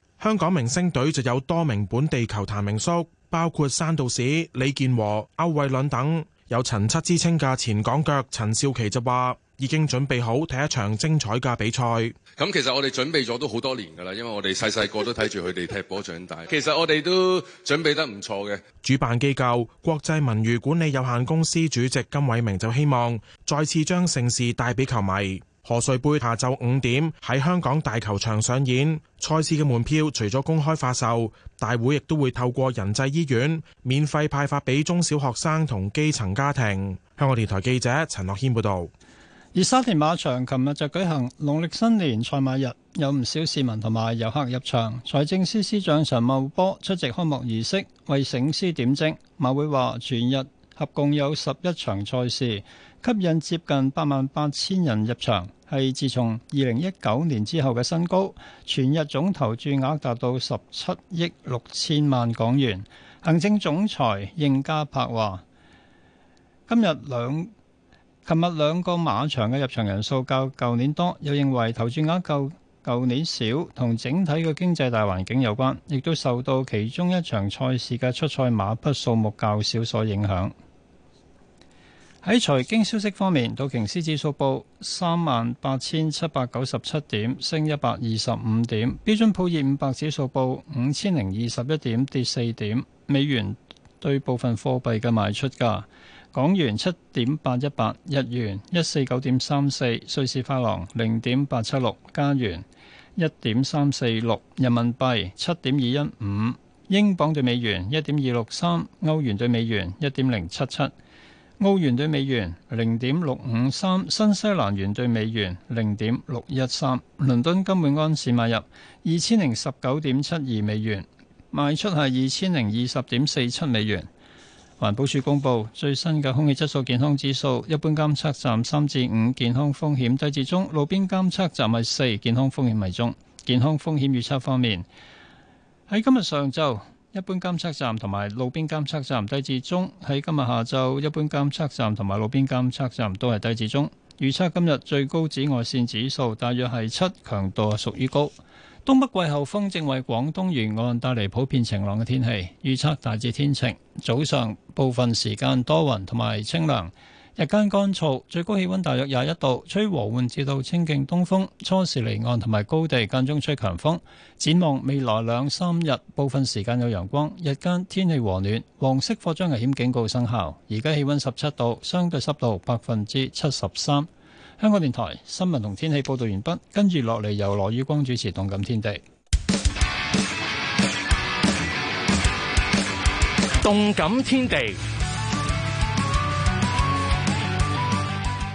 香港明星隊就有多名本地球壇名宿，包括山道士、李健和、歐偉倫等。有陳七之稱嘅前港腳陳少奇就話，已經準備好睇一場精彩嘅比賽。咁其實我哋準備咗都好多年噶啦，因為我哋細細個都睇住佢哋踢波長大。 其實我哋都準備得唔錯嘅。主辦機構國際文娛管理有限公司主席金偉明就希望再次將盛事帶俾球迷。何瑞貝下晝五點喺香港大球場上演，賽事嘅門票除咗公開發售，大會亦都會透過仁濟醫院免費派發俾中小學生同基層家庭。香港電台記者陳樂謙報道。而沙田馬場琴日就舉行農曆新年賽馬日，有唔少市民同埋遊客入場。財政司司長陳茂波出席開幕儀式為醒獅點睛。馬會話全日合共有十一場賽事，吸引接近八萬八千人入場，係自從二零一九年之後嘅新高。全日總投注額達到十七億六千萬港元。行政總裁應家柏話，今日兩、琴日兩個馬場嘅入場人數較舊年多，又認為投注額較舊年少，同整體嘅經濟大環境有關，亦都受到其中一場賽事嘅出賽馬匹數目較少所影響。喺財經消息方面，道瓊斯指數報三萬八千七百九十七點，升一百二十五點。標準普爾五百指數報五千零二十一點，跌四點。美元對部分貨幣嘅賣出價：港元七點八一八，日元一四九點三四，瑞士法郎零點八七六，加元一點三四六，人民幣七點二一五，英鎊對美元一點二六三，歐元對美元一點零七七。澳元兌美元零點六五三，新西蘭元兌美元零點六一三，倫敦金每安士買入二千零十九點七二美元，賣出係二千零二十點四七美元。環保署公布最新嘅空氣質素健康指數，一般監測站三至五健康風險低至中，路邊監測站係四，健康風險為中，健康風險預測方面，喺今日上晝。一般監測站同埋路邊監測站低至中，喺今日下晝。一般監測站同埋路邊監測站都係低至中。預測今日最高紫外線指數大約係七，強度屬於高。東北季候風正為廣東沿岸帶嚟普遍晴朗嘅天氣，預測大致天晴，早上部分時間多雲同埋清涼。日間乾燥，最高氣溫大約廿一度，吹和緩至到清勁東風，初時離岸同埋高地間中吹強風。展望未來兩三日，部分時間有陽光，日間天氣和暖。黃色火災危險警告生效。而家氣溫十七度，相對濕度百分之七十三。香港電台新聞同天氣報道完畢，跟住落嚟由羅宇光主持《動感天地》。《動感天地》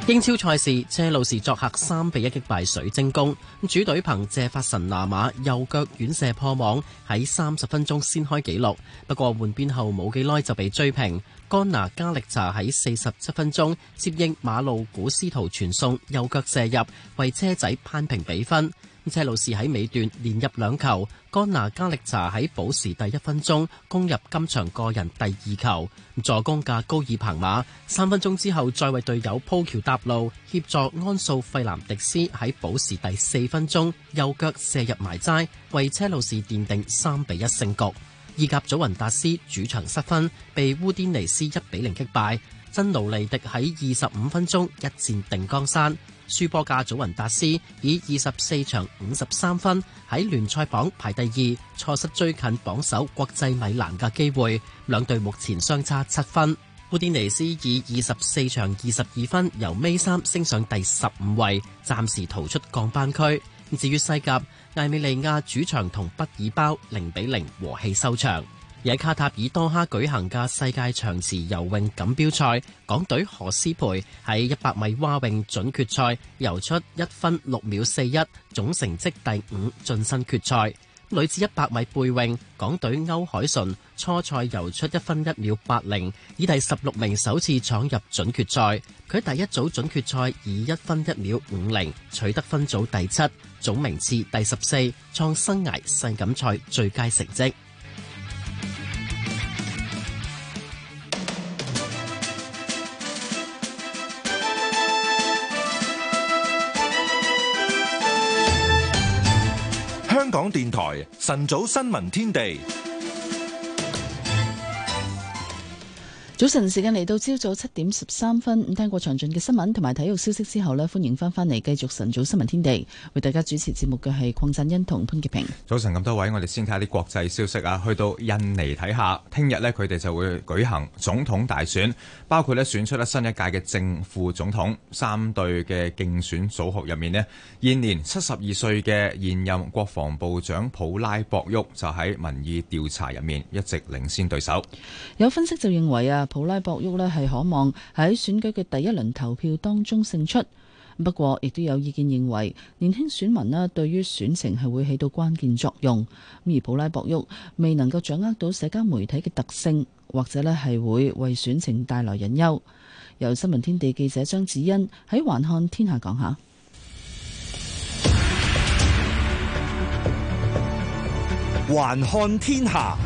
英超賽事，車路士作客三比一擊敗水晶宮。主隊憑借法神拿馬右腳遠射破網，喺三十分鐘先開紀錄。不過換邊後冇幾耐就被追平。干拿加力查喺四十七分鐘接應馬路古斯圖傳送右腳射入，為車仔扳平比分。車路士喺尾段連入兩球，干拿加力查喺補時第一分鐘攻入今場個人第二球助攻嘅高爾彭馬，三分鐘之後再為隊友鋪橋搭路協助安素費南迪斯喺補時第四分鐘右腳射入埋齋，為車路士奠定三比一勝局。意甲祖雲達斯主場失分，被烏甸尼斯一比零擊敗，真奴利迪喺二十五分鐘一戰定江山。輸波價，祖雲達斯以二十四場五十三分喺聯賽榜排第二，錯失最近榜首國際米蘭嘅機會。兩隊目前相差七分。布甸尼斯以二十四場二十二分由尾三升上第十五位，暫時逃出降班區。至於西甲，艾美利亞主場同畢爾包零比零和氣收場。喺卡塔爾多哈舉行嘅世界長池游泳錦標賽，港隊何詩蓓喺一百米蛙泳準決賽游出一分六秒四一，總成績第五，晉身決賽。女子一百米背泳，港隊歐鎧淳初賽游出一分一秒八零，以第十六名首次闖入準決賽。佢第一組準決賽以一分一秒五零取得分組第七，總名次第十四，創生涯世錦賽最佳成績。電台晨早新聞天地。早晨，時間嚟到朝早七點十三分，咁聽過詳盡嘅新聞同埋體育消息之後咧，歡迎翻翻嚟繼續晨早新聞天地，為大家主持節目嘅係鄺振欣同潘潔平。早晨，咁多位，我哋先睇下啲國際消息啊。去到印尼睇下，聽日咧佢哋就會舉行總統大選，包括咧選出咧新一屆嘅正副總統。三隊嘅競選組合入面咧，現年七十二歲嘅現任國防部長普拉博沃就喺民意調查入面一直領先對手。有分析就認為啊。普拉博沃呢係可望喺選舉嘅第一輪投票當中勝出，不過亦都有意見認為年輕選民呢對於選情係會起到關鍵作用，而普拉博沃未能夠掌握到社交媒體嘅特性，或者呢係會為選情帶來隱憂。由新聞天地記者張子欣喺《環看天下》講下，《環看天下》。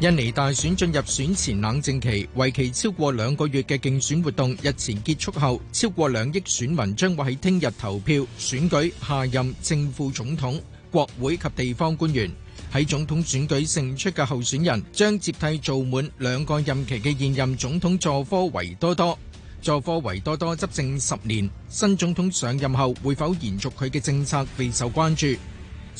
印尼大選進入選前冷靜期，為期超過兩個月的競選活動日前結束後，超過兩億選民將會在聽日投票，選舉下任正副總統，國會及地方官員。在總統選舉勝出的候選人將接替做滿兩個任期的現任總統佐科維多多。佐科維多多執政十年，新總統上任後，會否延續他的政策備受關注。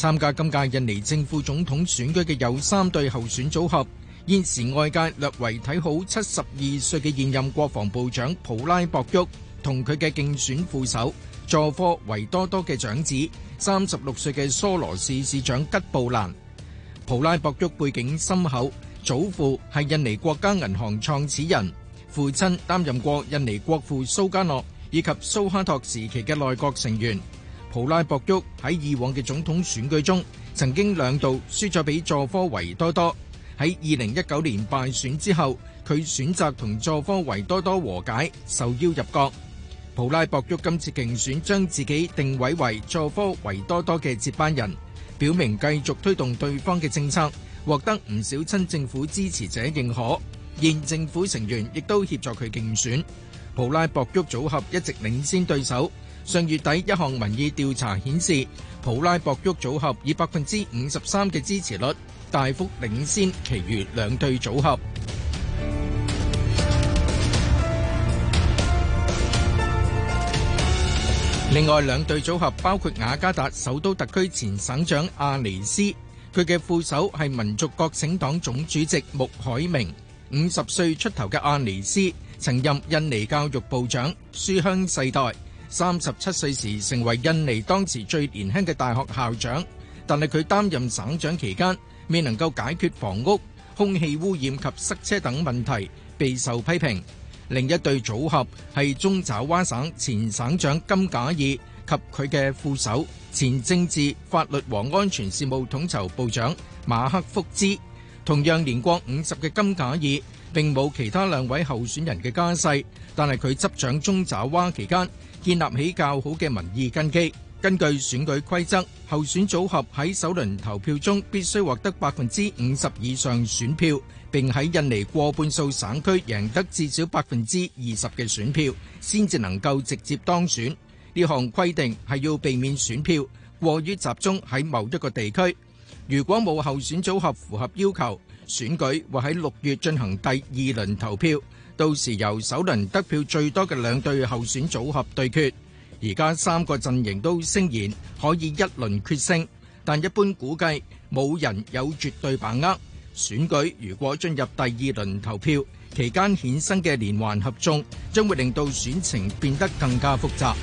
參加今屆印尼政府總統選舉嘅有三對候選組合，現時外界略為睇好七十二歲嘅現任國防部長普拉博沃，同佢嘅競選副手，佐科維多多嘅長子，三十六歲嘅梭羅市市長。普拉博沃喺以往嘅總統選舉中，曾經兩度輸咗俾佐科維多多。喺2019年敗選之後，佢選擇同佐科維多多和解，受邀入閣。普拉博沃今次競選將自己定位為佐科維多多嘅接班人，表明繼續推動對方嘅政策，獲得唔少親政府支持者認可。現政府成員亦都協助佢競選。普拉博沃組合一直領先對手。上月底一項民意調查顯示，普拉博沃組合以百分之五十三嘅支持率大幅領先其餘兩隊組合。另外兩隊組合包括雅加達首都特區前省長阿尼斯，佢嘅副手係民族覺醒黨總主席穆海明。五十歲出頭嘅阿尼斯曾任印尼教育部長，書香世代 三十七歲時成為印尼當時最年輕嘅大學校長，但係佢擔任省長期間未能夠解決房屋、空氣污染及塞車等問題，備受批評。另一對組合係中爪哇省前省長金賈爾及佢嘅副手前政治法律和安全事務統籌部長馬克福茲。同樣年過五十嘅金賈爾並冇其他兩位候選人嘅家世，但係佢執掌中爪哇期間，建立起較好嘅民意根基。根據選舉規則，候選組合喺首輪投票中必須獲得百分之五十以上選票，並喺印尼過半數省區贏得至少百分之二十嘅選票，先至能夠直接當選。呢項規定係要避免選票過於集中喺某一個地區。如果冇候選組合符合要求，選舉會喺六月進行第二輪投票。到時由首輪得票最多嘅兩隊候選組合對決。而家三個陣營都聲言可以一輪決勝，但一般估計冇人有絕對把握。選舉如果進入第二輪投票期間，衍生嘅連環合眾將會令到選情變得更加複雜。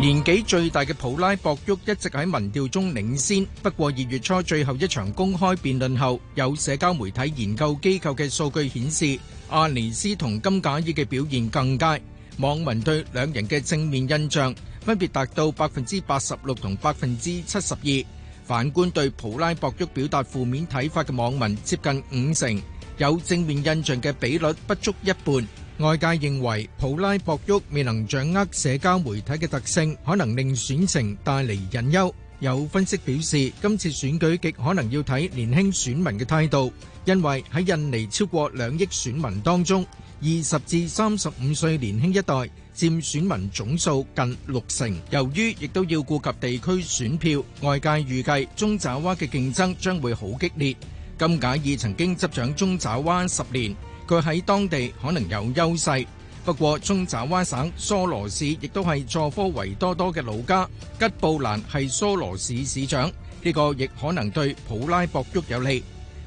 年紀最大嘅普拉博沃一直喺民調中領先，不過二月初最後一場公開辯論後，有社交媒體研究機構嘅數據顯示，阿尼斯同金甲爾嘅表現更佳。網民對兩人嘅正面印象分別達到百分之八十六同百分之七十二，反觀對普拉博沃表達負面睇法嘅網民接近五成，有正面印象嘅比率不足一半。外界認為普拉博沃未能掌握社交媒體嘅特性，可能令選情帶嚟隱憂。有分析表示今次選舉極可能要睇年輕選民嘅態度，因為喺印尼超過兩億選民當中，二十至三十五歲年輕一代占選民總數近六成。由於亦都要顧及地區選票，外界預計中爪哇的競爭將會很激烈。金雅爾曾經執掌中爪哇十年。佢喺當地可能有優勢，不過中爪哇省梭羅市亦都係佐科維多多嘅老家，吉布蘭係梭羅市市長，呢個亦可能對普拉博沃有利。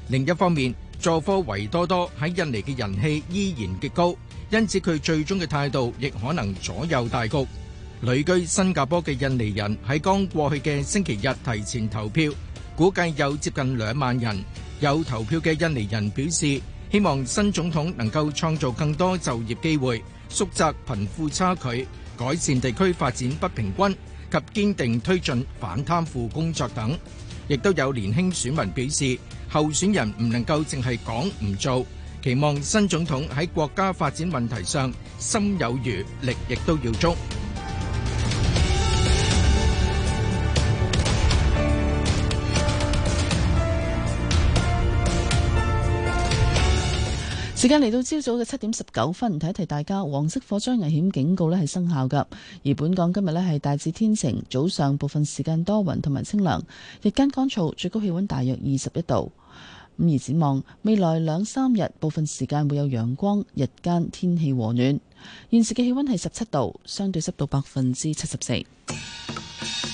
另一方面，佐科維多多喺印尼嘅人氣依然極高，因此佢最終嘅態度亦可能左右大局。旅居新加坡嘅印尼人喺剛過去嘅星期日提前投票，估計有接近兩萬人。有投票嘅印尼人表示。希望新總統能夠創造更多就業機會，縮窄貧富差距，改善地區發展不平均，及堅定推進反貪腐工作等。亦都有年輕選民表示，候選人唔能夠淨係講唔做，期望新總統喺國家發展問題上心有餘，力亦都要足。時間嚟到朝早嘅七點十九分，提一提大家，黃色火災危險警告咧係生效㗎。而本港今日咧係大致天晴，早上部分時間多雲同埋清涼，日間乾燥，最高氣溫大約二十一度。咁而展望未來兩三日，部分時間會有陽光，日間天氣和暖。現時嘅氣溫係十七度，相對濕度百分之七十四。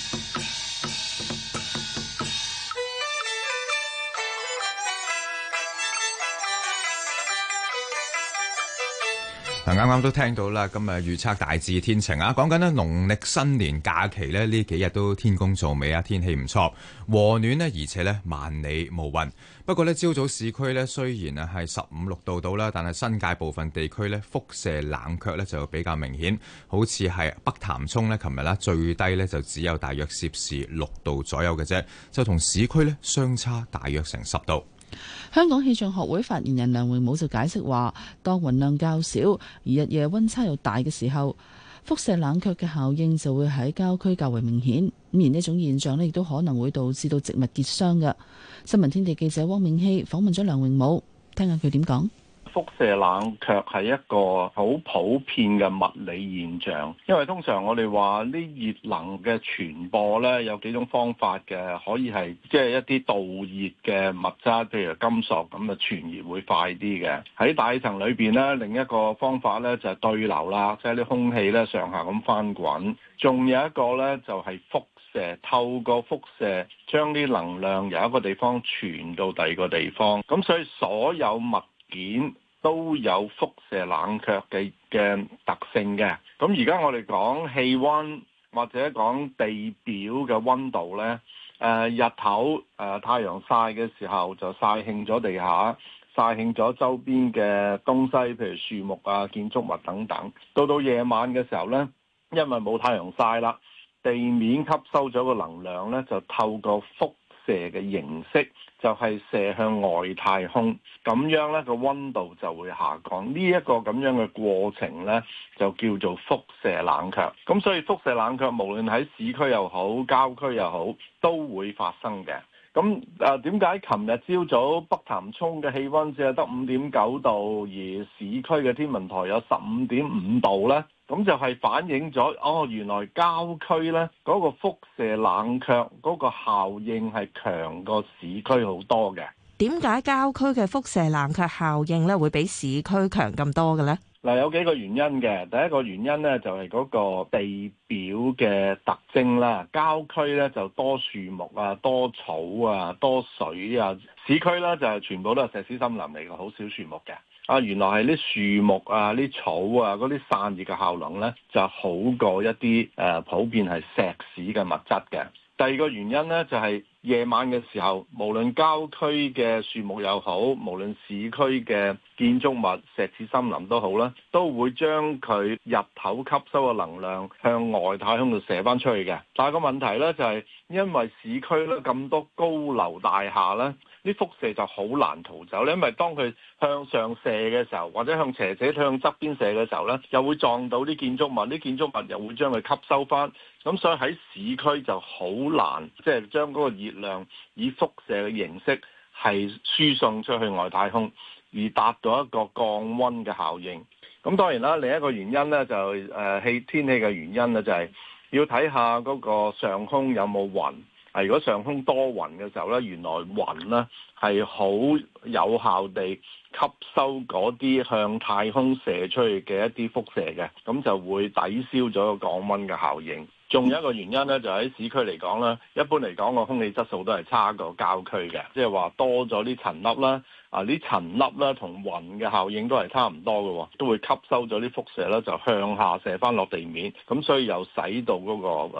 啱啱都聽到啦，今日預測大致天晴啊，講緊咧農曆新年假期咧呢幾日都天公造美啊，天氣唔錯和暖咧，而且咧萬里無雲。不過咧，朝早市區咧雖然啊係十五六度到啦，但係新界部分地區咧輻射冷卻咧就比較明顯，好似係北潭涌呢，琴日咧最低咧就只有大約攝氏六度左右嘅啫，就同市區咧相差大約成十度。香港氣象學會發言人梁榮武就解釋話，當雲量較少而日夜溫差又大嘅時候，輻射冷卻嘅效應就會喺郊區較為明顯。咁而呢種現象咧，亦都可能會導致到植物結霜嘅。新聞天地記者汪永熙訪問咗梁榮武，聽下佢點講。輻射冷卻係一個好普遍嘅物理現象，因為通常我哋話啲熱能嘅傳播咧有幾種方法嘅，可以係即係一啲導熱嘅物質，譬如金屬咁啊，傳熱會快啲嘅。喺大氣層裏邊咧，另一個方法咧就係對流啦，即係啲空氣咧上下咁翻滾。仲有一個咧就係輻射，透過輻射將啲能量由一個地方傳到第二個地方。咁所以所有物件都有輻射冷卻嘅嘅特性嘅。咁而家我哋講氣溫，或者講地表嘅溫度呢，誒、呃、日頭誒、呃、太陽曬嘅時候就曬興咗地下，曬興咗周邊嘅東西，譬如樹木啊、建築物等等。到到夜晚嘅時候呢，因為冇太陽曬啦，地面吸收咗個能量呢，就透過輻射嘅形式就係、是、射向外太空，咁樣咧個温度就會下降。呢、這、一個咁樣嘅過程咧，就叫做輻射冷卻。咁所以輻射冷卻無論喺市區又好，郊區又好，都會發生嘅。咁誒點解琴日朝早北潭涌嘅氣温只係得五點九度，而市區嘅天文台有十五點五度咧？咁就係反映咗，哦，原來郊區呢嗰個輻射冷卻嗰個效應係強過市區好多嘅。點解郊區嘅輻射冷卻效應呢會比市區強咁多嘅呢？嗱，有幾個原因嘅。第一個原因呢，就係嗰個地表嘅特徵啦。郊區呢，就多樹木啊、多草啊、多水啊。市區呢，就係全部都係石屎森林嚟嘅，好少樹木嘅。啊，原來係啲樹木啊、啲草啊、嗰啲散熱嘅效能呢，就好過一啲誒、呃、普遍係石屎嘅物質嘅。第二個原因呢，就係、是、夜晚嘅時候，無論郊區嘅樹木又好，無論市區嘅建築物、石屎森林都好啦，都會將佢入口吸收嘅能量向外太空度射翻出去嘅。但係個問題呢，就係、是、因為市區呢咁多高樓大廈呢，啲輻射就好難逃走咧，因為當佢向上射嘅時候，或者向斜斜向側邊射嘅時候咧，又會撞到啲建築物，啲建築物又會將佢吸收翻，咁所以喺市區就好難，即係將嗰個熱量以輻射嘅形式係輸送出去外太空，而達到一個降溫嘅效應。咁當然啦，另一個原因咧就誒氣、呃、天氣嘅原因咧，就係、是、要睇下嗰個上空有冇雲。啊！如果上空多雲嘅時候咧，原來雲咧係好有效地吸收嗰啲向太空射出去嘅一啲輻射嘅，咁就會抵消咗個降温嘅效應。仲有一個原因咧，就喺市區嚟講咧，一般嚟講個空氣質素都係差過郊區嘅，即係話多咗啲塵粒啦。啊！啲塵粒啦，同雲嘅效應都係差唔多嘅，啊，都會吸收咗啲輻射啦，就向下射翻落地面，咁、啊、所以又使到嗰、嗰個誒、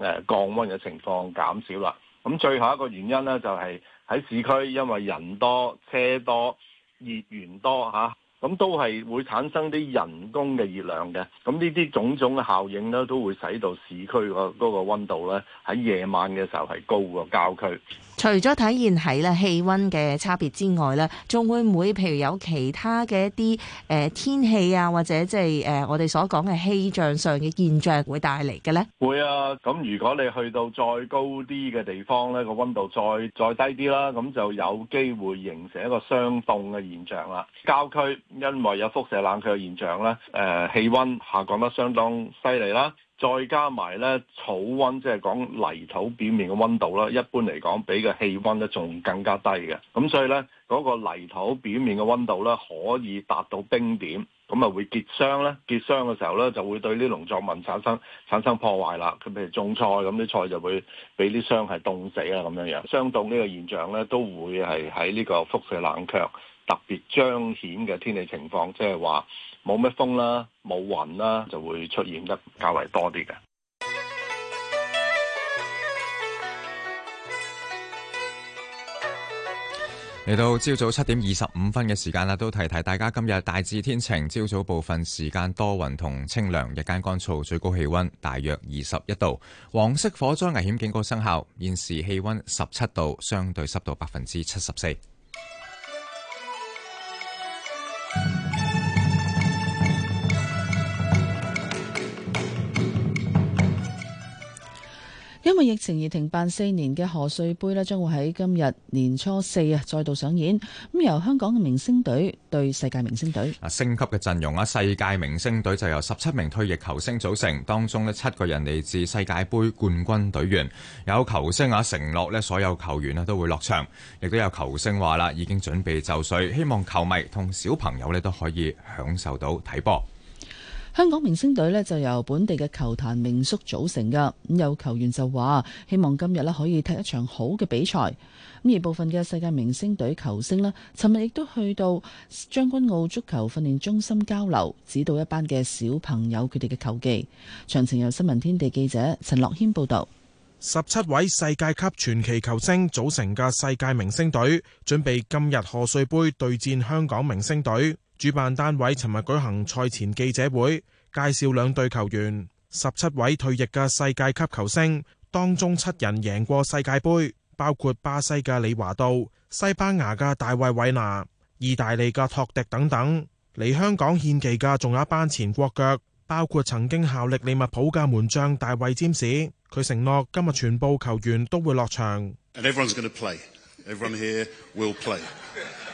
呃、降温嘅情況減少啦。咁、啊、最後一個原因咧，就係、係、喺市區因為人多、車多、熱源多嚇。啊。咁都係會產生啲人工嘅熱量嘅，咁呢啲種種嘅效應呢，都會使到市區個嗰個温度呢喺夜晚嘅時候係高過郊區。除咗體現喺呢氣温嘅差別之外呢，仲會唔會譬如有其他嘅一啲誒天氣啊，或者即係誒我哋所講嘅氣象上嘅現象會帶嚟嘅呢？會啊，咁如果你去到再高啲嘅地方呢，個温度再再低啲啦，咁就有機會形成一個霜凍嘅現象啦。郊區。因為有輻射冷卻嘅現象咧，誒、呃、氣温下降得相當犀利啦，再加埋咧，草温，即係講泥土表面嘅温度啦，一般嚟講比個氣温咧仲更加低嘅，咁所以咧嗰、嗰個泥土表面嘅温度咧可以達到冰點，咁啊會結霜咧，結霜嘅時候咧就會對啲農作物產生產生破壞啦。佢譬如種菜咁，啲菜就會俾啲霜係凍死啊。咁樣樣，霜凍呢個現象咧都會係喺呢個輻射冷卻特別彰顯嘅天氣情況，即係話冇乜風啦，冇雲啦，就會出現得較為多啲嘅。嚟到朝早七點二十五分嘅時間啦，都提提大家今日大致天晴，朝早部分時間多雲同清涼，日間乾燥，最高氣温大約二十一度。黃色火災危險警告生效，現時氣温十七度，相對濕度百分之七十四。因疫情而停辦四年嘅賀歲杯咧，將會喺今日年初四啊再度上演。咁由香港嘅明星隊對世界明星隊啊，升級嘅陣容啊，世界明星隊就由十七名退役球星組成，當中咧七個人嚟自世界杯冠軍隊員，有球星啊承諾咧，所有球員咧都會落場，亦都有球星話啦，已經準備就緒，希望球迷同小朋友咧都可以享受到睇波。香港明星隊呢，就由本地嘅球壇名宿組成噶，咁有球員就話希望今日呢可以踢一場好嘅比賽。咁而部分嘅世界明星隊球星呢，尋日亦都去到將軍澳足球訓練中心交流，指導一班嘅小朋友佢哋嘅球技。詳情由新聞天地記者陳樂謙報道。十七位世界級傳奇球星組成嘅世界明星隊，準備今日賀歲盃對戰香港明星隊。主辦單位尋日舉行賽前記者會，介紹兩隊球員，十七位退役嘅世界級球星，當中七人贏過世界杯，包括巴西嘅李華道、西班牙嘅大衛韋拿、意大利嘅托迪等等。嚟香港獻技嘅仲有一班前國腳，包括曾經效力利物浦嘅門將大衛詹士。佢承諾今日全部球員都會落場。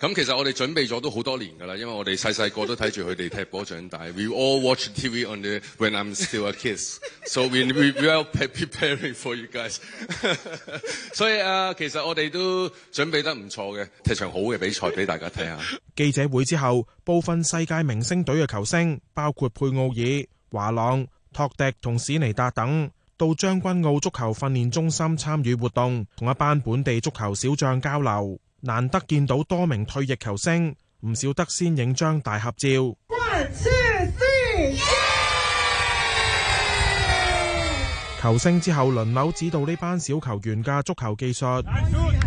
咁其實我哋準備咗都好多年㗎啦，因為我哋細細個都睇住佢哋踢波長大。We all watch TV on the when I'm still a kid, so we, we are preparing for you guys。 所以啊，uh, 其實我哋都準備得唔錯嘅，踢場好嘅比賽俾大家睇下。記者會之後，部分世界明星隊嘅球星，包括佩奧爾、華朗、托迪同史尼達等，到將軍澳足球訓練中心參與活動，同一班本地足球小將交流。難得見到多名退役球星，唔少得先影張大合照。One, two, three, yeah! 球星之後輪流指導呢班小球員嘅足球技術。I should.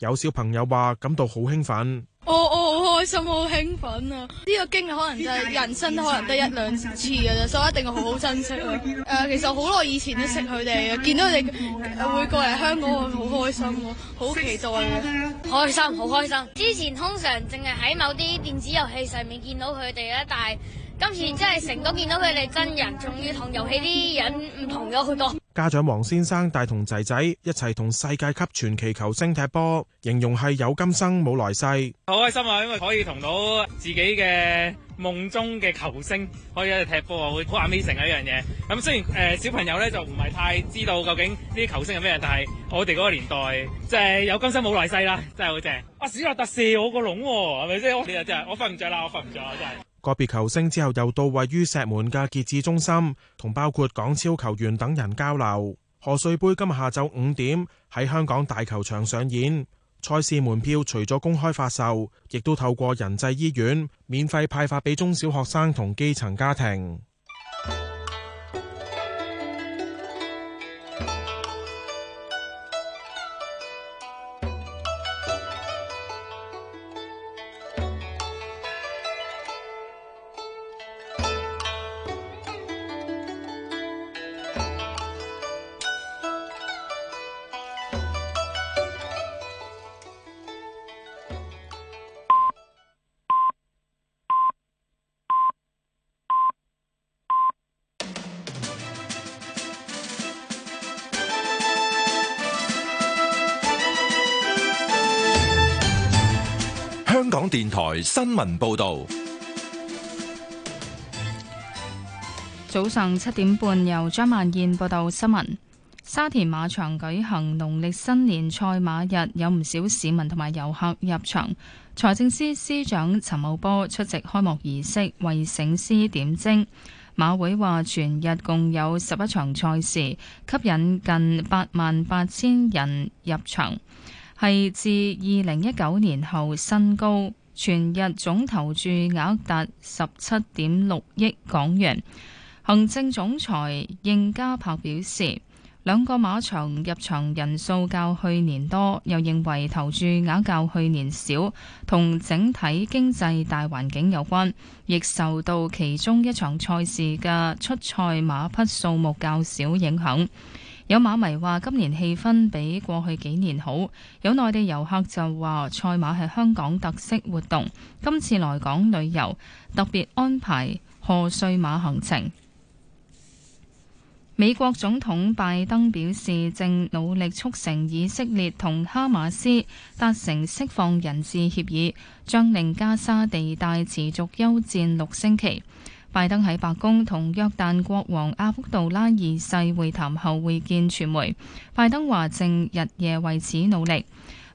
有小朋友話感到好興奮。我我好開心，好興奮啊！呢個經歷可能就係人生都可能得一兩次嘅啫，所以一定好好珍惜咯。誒，其實好耐以前都識佢哋啊，見到佢哋會過嚟香港我好開心，好期待，開心，好開心。之前通常淨係喺某啲電子遊戲上面見到佢哋咧，但係，今次真係成功見到佢哋真人，仲要同遊戲啲人唔同咗好多。家長王先生帶同仔仔一齊同世界級傳奇球星踢波，形容係有今生冇來世。好開心啊，因為可以同到自己嘅夢中嘅球星可以喺度踢波，會好 amazing 啊呢樣嘢。咁、嗯、雖然誒、呃、小朋友咧就唔係太知道究竟呢啲球星係咩人，但係我哋嗰個年代即係、就是、有今生冇來世啦，真係好正。阿、啊、史納特射我個籠喎、哦，係咪先？我呢日真係我瞓唔着啦，我瞓唔着啊，真係。個別球星之後又到位於石門嘅傑志中心，同包括港超球員等人交流。賀歲杯今日下晝五點喺香港大球場上演，賽事門票除咗公開發售，亦都透過仁濟醫院免費派發俾中小學生同基層家庭。新聞報道，早上七點半由張萬燕報道新聞。沙田馬場舉行農曆新年賽馬日，有唔少市民同埋遊客入場。財政司司長陳茂波出席開幕儀式，為醒獅點睛。馬會話，全日共有十一場賽事，吸引近八萬八千人入場，係自二零一九年後新高。全日總投注額達十七點六億港元。行政總裁應家柏表示，兩個馬場入場人數較去年多，又認為投注額較去年少，同整體經濟大環境有關，亦受到其中一場賽事嘅出賽馬匹數目較少影響。有馬迷話今年氣氛比過去幾年好，有內地遊客就話賽馬係香港特色活動，今次來港旅遊特別安排賀歲馬行程。美國總統拜登表示，正努力促成以色列同哈馬斯達成釋放人質協議，將令加沙地帶持續休戰六星期。拜登喺白宮同約旦國王阿卜杜拉二世會談後會見傳媒。拜登話正日夜為此努力。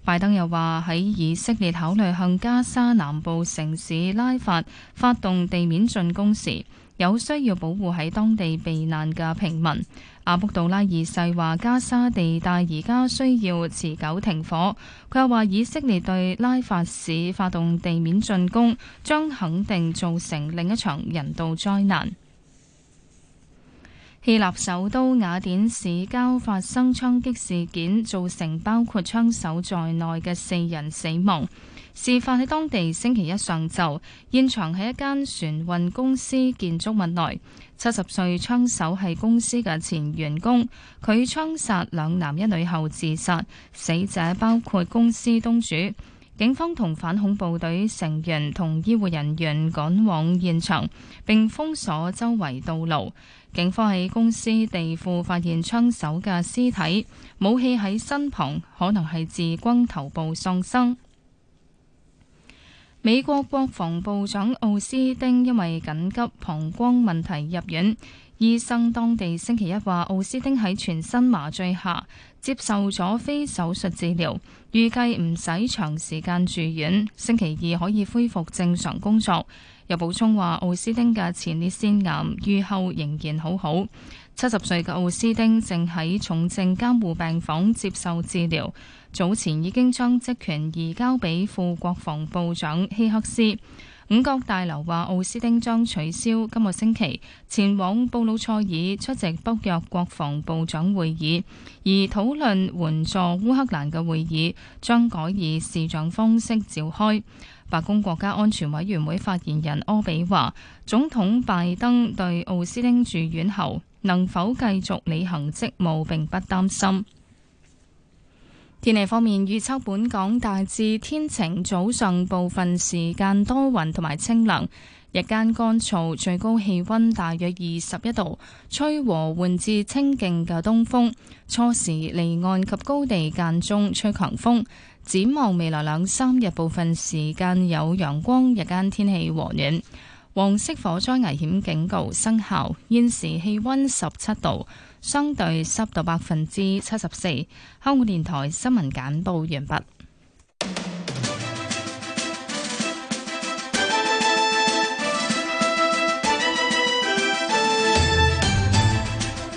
拜登又話喺以色列考慮向加沙南部城市拉法發動地面進攻時，有需要保護喺當地避難嘅平民。阿卜杜拉二世話加沙地帶而家需要持久停火。佢又話以色列對拉法市發動地面進攻，將肯定造成另一場人道災難。希臘首都雅典市郊發生槍擊事件，造成包括槍手在內嘅四人死亡。事發喺當地星期一上晝，現場係一間船運公司建築物內。七十歲槍手係公司嘅前員工，佢槍殺兩男一女後自殺。死者包括公司東主。警方同反恐部隊成員同醫護人員趕往現場，並封鎖周圍道路。警方喺公司地庫發現槍手嘅屍體，武器喺身旁，可能係自轟頭部喪生。美國國防部長奧斯汀因為緊急膀胱問題入院，醫生當地星期一話，奧斯汀喺全身麻醉下接受咗非手術治療，預計唔使長時間住院，星期二可以恢復正常工作。又補充話，奧斯汀嘅前列腺癌預後仍然好好。七十歲嘅奧斯丁正喺重症監護病房接受治療。早前已經將職權移交俾副國防部長希克斯。五角大樓話，奧斯丁將取消今個星期前往布魯塞爾出席北約國防部長會議，而討論援助烏克蘭嘅會議將改以視像方式召開。白宮國家安全委員會發言人柯比話，總統拜登對奧斯丁住院後能否繼續履行職務並不擔心。天氣方面預測，本港大致天晴，早上部分時間多雲同埋清涼，日間乾燥，最高氣溫大約二十一度，吹和緩至清勁嘅東風，初時離岸及高地間中吹強風。展望未來兩三日，部分時間有陽光，日間天氣和暖。黃色火災危險警告生效，現時氣溫十七度。相對濕度百分之七十四。香港電台新聞簡報完畢。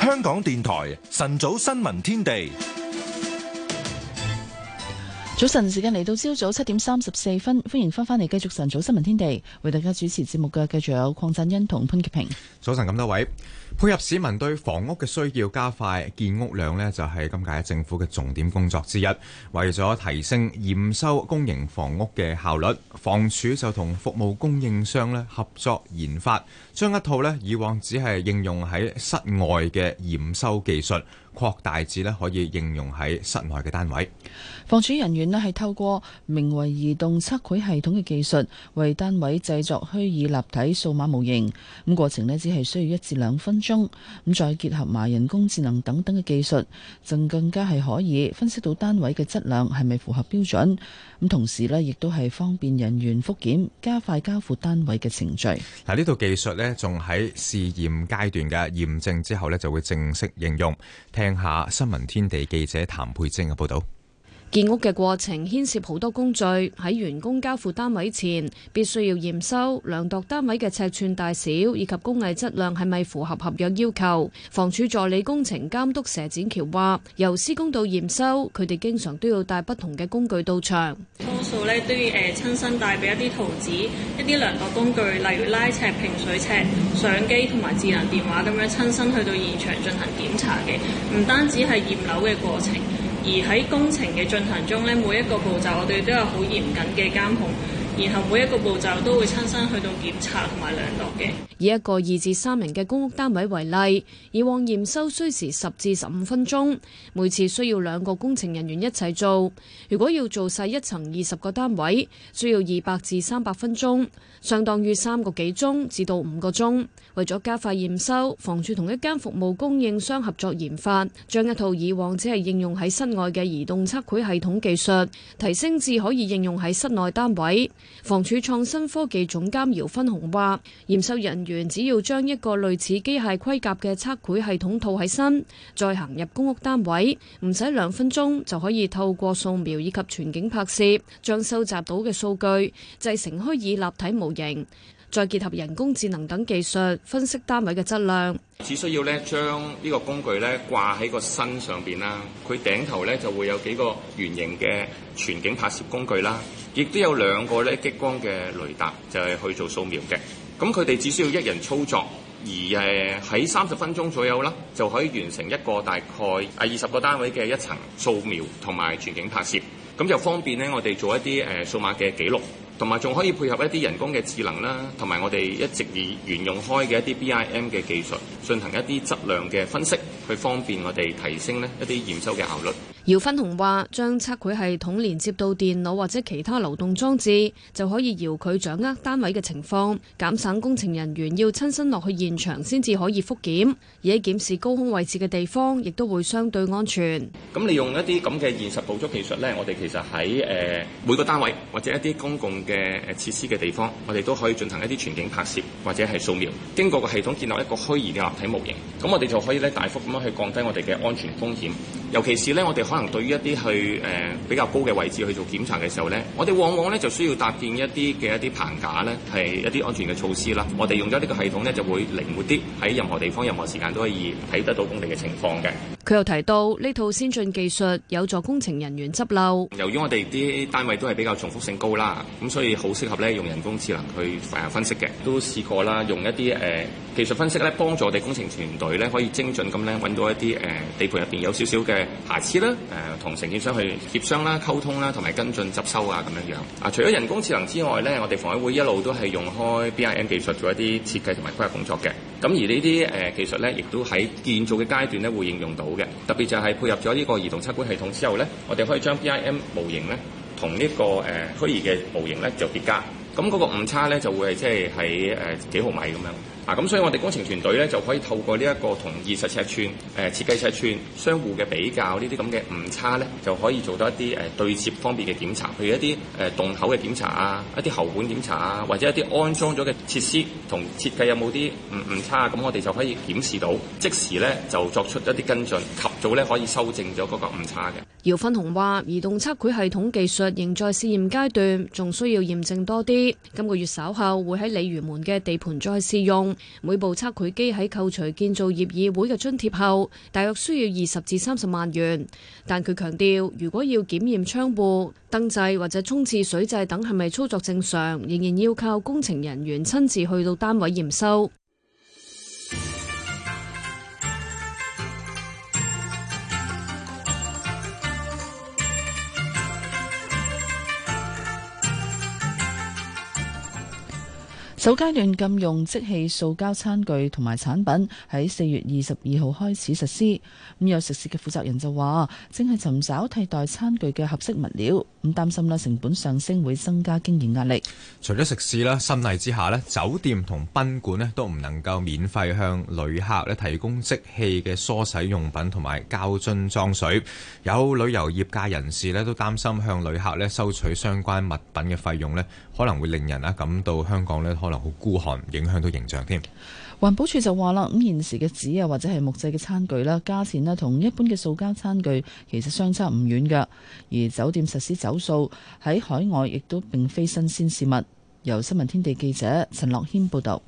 香港電台晨早新聞天地。早晨時間嚟到朝早七點三十四分，歡迎翻返嚟繼續晨早新聞天地，為大家主持節目嘅繼續有鄺振欣同潘潔平。早晨咁多位。配合市民對房屋嘅需要，加快建屋量呢就係今屆政府嘅重點工作之一。為咗提升驗收公營房屋嘅效率，房署就同服務供應商呢合作研發，將一套呢以往只係應用喺室外嘅驗收技術，擴大至呢可以應用喺室內嘅單位。房署人員呢係透過名為移動測繪系統嘅技術，為單位製作虛擬立體數碼模型。咁過程呢只係需要一至兩分鐘。中再結合埋人工智能等等嘅技術，就更加係可以分析到單位嘅質量係咪符合標準。咁同時呢，亦都係方便人員複檢，加快交付單位嘅程序。嗱，呢度技術呢，仲喺試驗階段嘅，驗證之後呢，就會正式應用。聽下新聞天地記者譚佩晶嘅報道。建屋嘅過程牽涉好多工序，喺員工交付單位前，必須要驗收量度單位嘅尺寸大小以及工藝質量係咪符合合約要求。房署助理工程監督佘展橋話，由施工到驗收，佢哋經常都要帶不同嘅工具到場，多數咧都要，誒，親身帶俾一啲圖紙、一啲量度工具，例如拉尺、平水尺、相機同埋智能電話，咁樣親身去到現場進行檢查嘅，唔單止係驗樓嘅過程。而喺工程嘅進行中咧，每一個步驟我哋都有好嚴謹嘅監控。然後每一個步驟都會親身去到檢查同埋量度嘅。以一個二至三名嘅公屋單位為例，以往驗收需時十至十五分鐘，每次需要兩個工程人員一齊做。如果要做晒一層二十個單位，需要二百至三百分鐘，相當於三個幾鐘至到五個鐘。為咗加快驗收，房署同一間服務供應商合作研發，將一套以往只係應用喺室外嘅移動測繪系統技術，提升至可以應用喺室內單位。房署創新科技總監姚芬雄話：驗收人員只要將一個類似機械盔甲嘅測繪系統套喺身，再行入公屋單位，唔使兩分鐘就可以透過掃描以及全景拍攝，將收集到嘅數據製成虛擬立體模型。再結合人工智能等技術分析單位嘅質量。只需要咧將呢個工具咧掛喺個身上邊啦，佢頂頭咧就會有幾個圓形嘅全景拍攝工具啦，亦都有兩個咧激光嘅雷達就係去做掃描嘅。咁佢哋只需要一人操作，而誒喺三十分鐘左右啦，就可以完成一個大概誒二十個單位嘅一層掃描同埋全景拍攝，咁就方便咧，我哋做一啲誒數碼嘅記錄。同埋仲可以配合一啲人工嘅智能啦，同埋我哋一直以沿用開嘅一啲 BIM 嘅技術，進行一啲質量嘅分析，去方便我哋提升咧一啲驗收嘅效率。姚芬雄話，將測繪系統連接到電腦或者其他流動裝置，就可以遙距掌握單位嘅情況，減省工程人員要親身落去現場先至可以複檢。而喺檢視高空位置嘅地方，亦都會相對安全。咁利用一啲咁嘅現實捕捉技術咧，我哋其實喺誒、呃、每個單位或者一啲公共嘅誒設施嘅地方，我哋都可以進行一啲全景拍攝或者係掃描，經過個系統建立一個虛擬嘅立體模型，咁我哋就可以咧大幅咁樣去降低我哋嘅安全風險。尤其是咧，我哋可能對於一啲去誒、呃、比較高嘅位置去做檢查嘅時候咧，我哋往往咧就需要搭建一啲嘅一啲棚架咧，係一啲安全嘅措施啦。我哋用咗呢個系統咧，就會靈活啲，喺任何地方、任何時間都可以睇得到工地嘅情況嘅。佢又提到呢套先進技術有助工程人員執漏。由於我哋啲單位都係比較重複性高啦，咁所以好適合咧用人工智能去誒分析嘅。都試過啦，用一啲誒、呃、技術分析咧，幫助我哋工程團隊咧可以精準咁咧揾到一啲誒、呃、地盤入邊有少少嘅。瑕疵咧，誒同承建商去協商啦、溝通啦、同埋跟進執修啊，咁樣樣。啊，除咗人工智能之外咧，我哋房委會一路都係用開 BIM 技術做一啲設計同埋規劃工作嘅。咁而呢啲誒技術咧，亦都喺建造嘅階段咧會應用到嘅。特別就係配合咗呢個移動測繪系統之後咧，我哋可以將 BIM 模型咧同呢、這個誒虛擬嘅模型咧就疊加。咁嗰、嗯那個誤差咧就會係即係喺誒幾毫米咁樣。啊！咁所以我哋工程團隊咧，就可以透過呢一個同現實尺寸、誒設計尺寸相互嘅比較，呢啲咁嘅誤差咧，就可以做到一啲誒對接方面嘅檢查，譬如一啲誒洞口嘅檢查啊，一啲喉管檢查啊，或者一啲安裝咗嘅設施同設計有冇啲誤誤差啊，咁我哋就可以檢視到，即時咧就作出一啲跟進，及早咧可以修正咗嗰個誤差嘅。姚紛紅話，移動測繪系統技術仍在試驗階段，仲需要驗證多啲。今個月稍後會喺鯉魚門嘅地盤再試用。每部測繪機喺扣除建造業議會嘅津貼後，大約需要二十至三十萬元。但佢強調，如果要檢驗窗戶、燈掣或者沖廁水掣等係咪操作正常，仍然要靠工程人員親自去到單位驗收。首階段禁用即棄塑膠餐具同埋產品，喺四月二十二號開始實施。咁有食肆嘅負責人就話，正係尋找替代餐具嘅合適物料，唔擔心啦成本上升會增加經營壓力。除咗食肆啦，新例之下咧，酒店同賓館咧都唔能夠免費向旅客咧提供即棄嘅梳洗用品同埋膠樽裝水。有旅遊業界人士咧都擔心向旅客咧收取相關物品嘅費用咧，可能會令人啊感到香港咧可能好孤寒，影響到形象添。環保署就話啦，咁現時嘅紙啊，或者係木製嘅餐具啦、價錢呢，同一般嘅塑膠餐具其實相差唔遠㗎。而酒店實施走塑喺海外亦都並非新鮮事物。由新聞天地記者陳樂軒報導。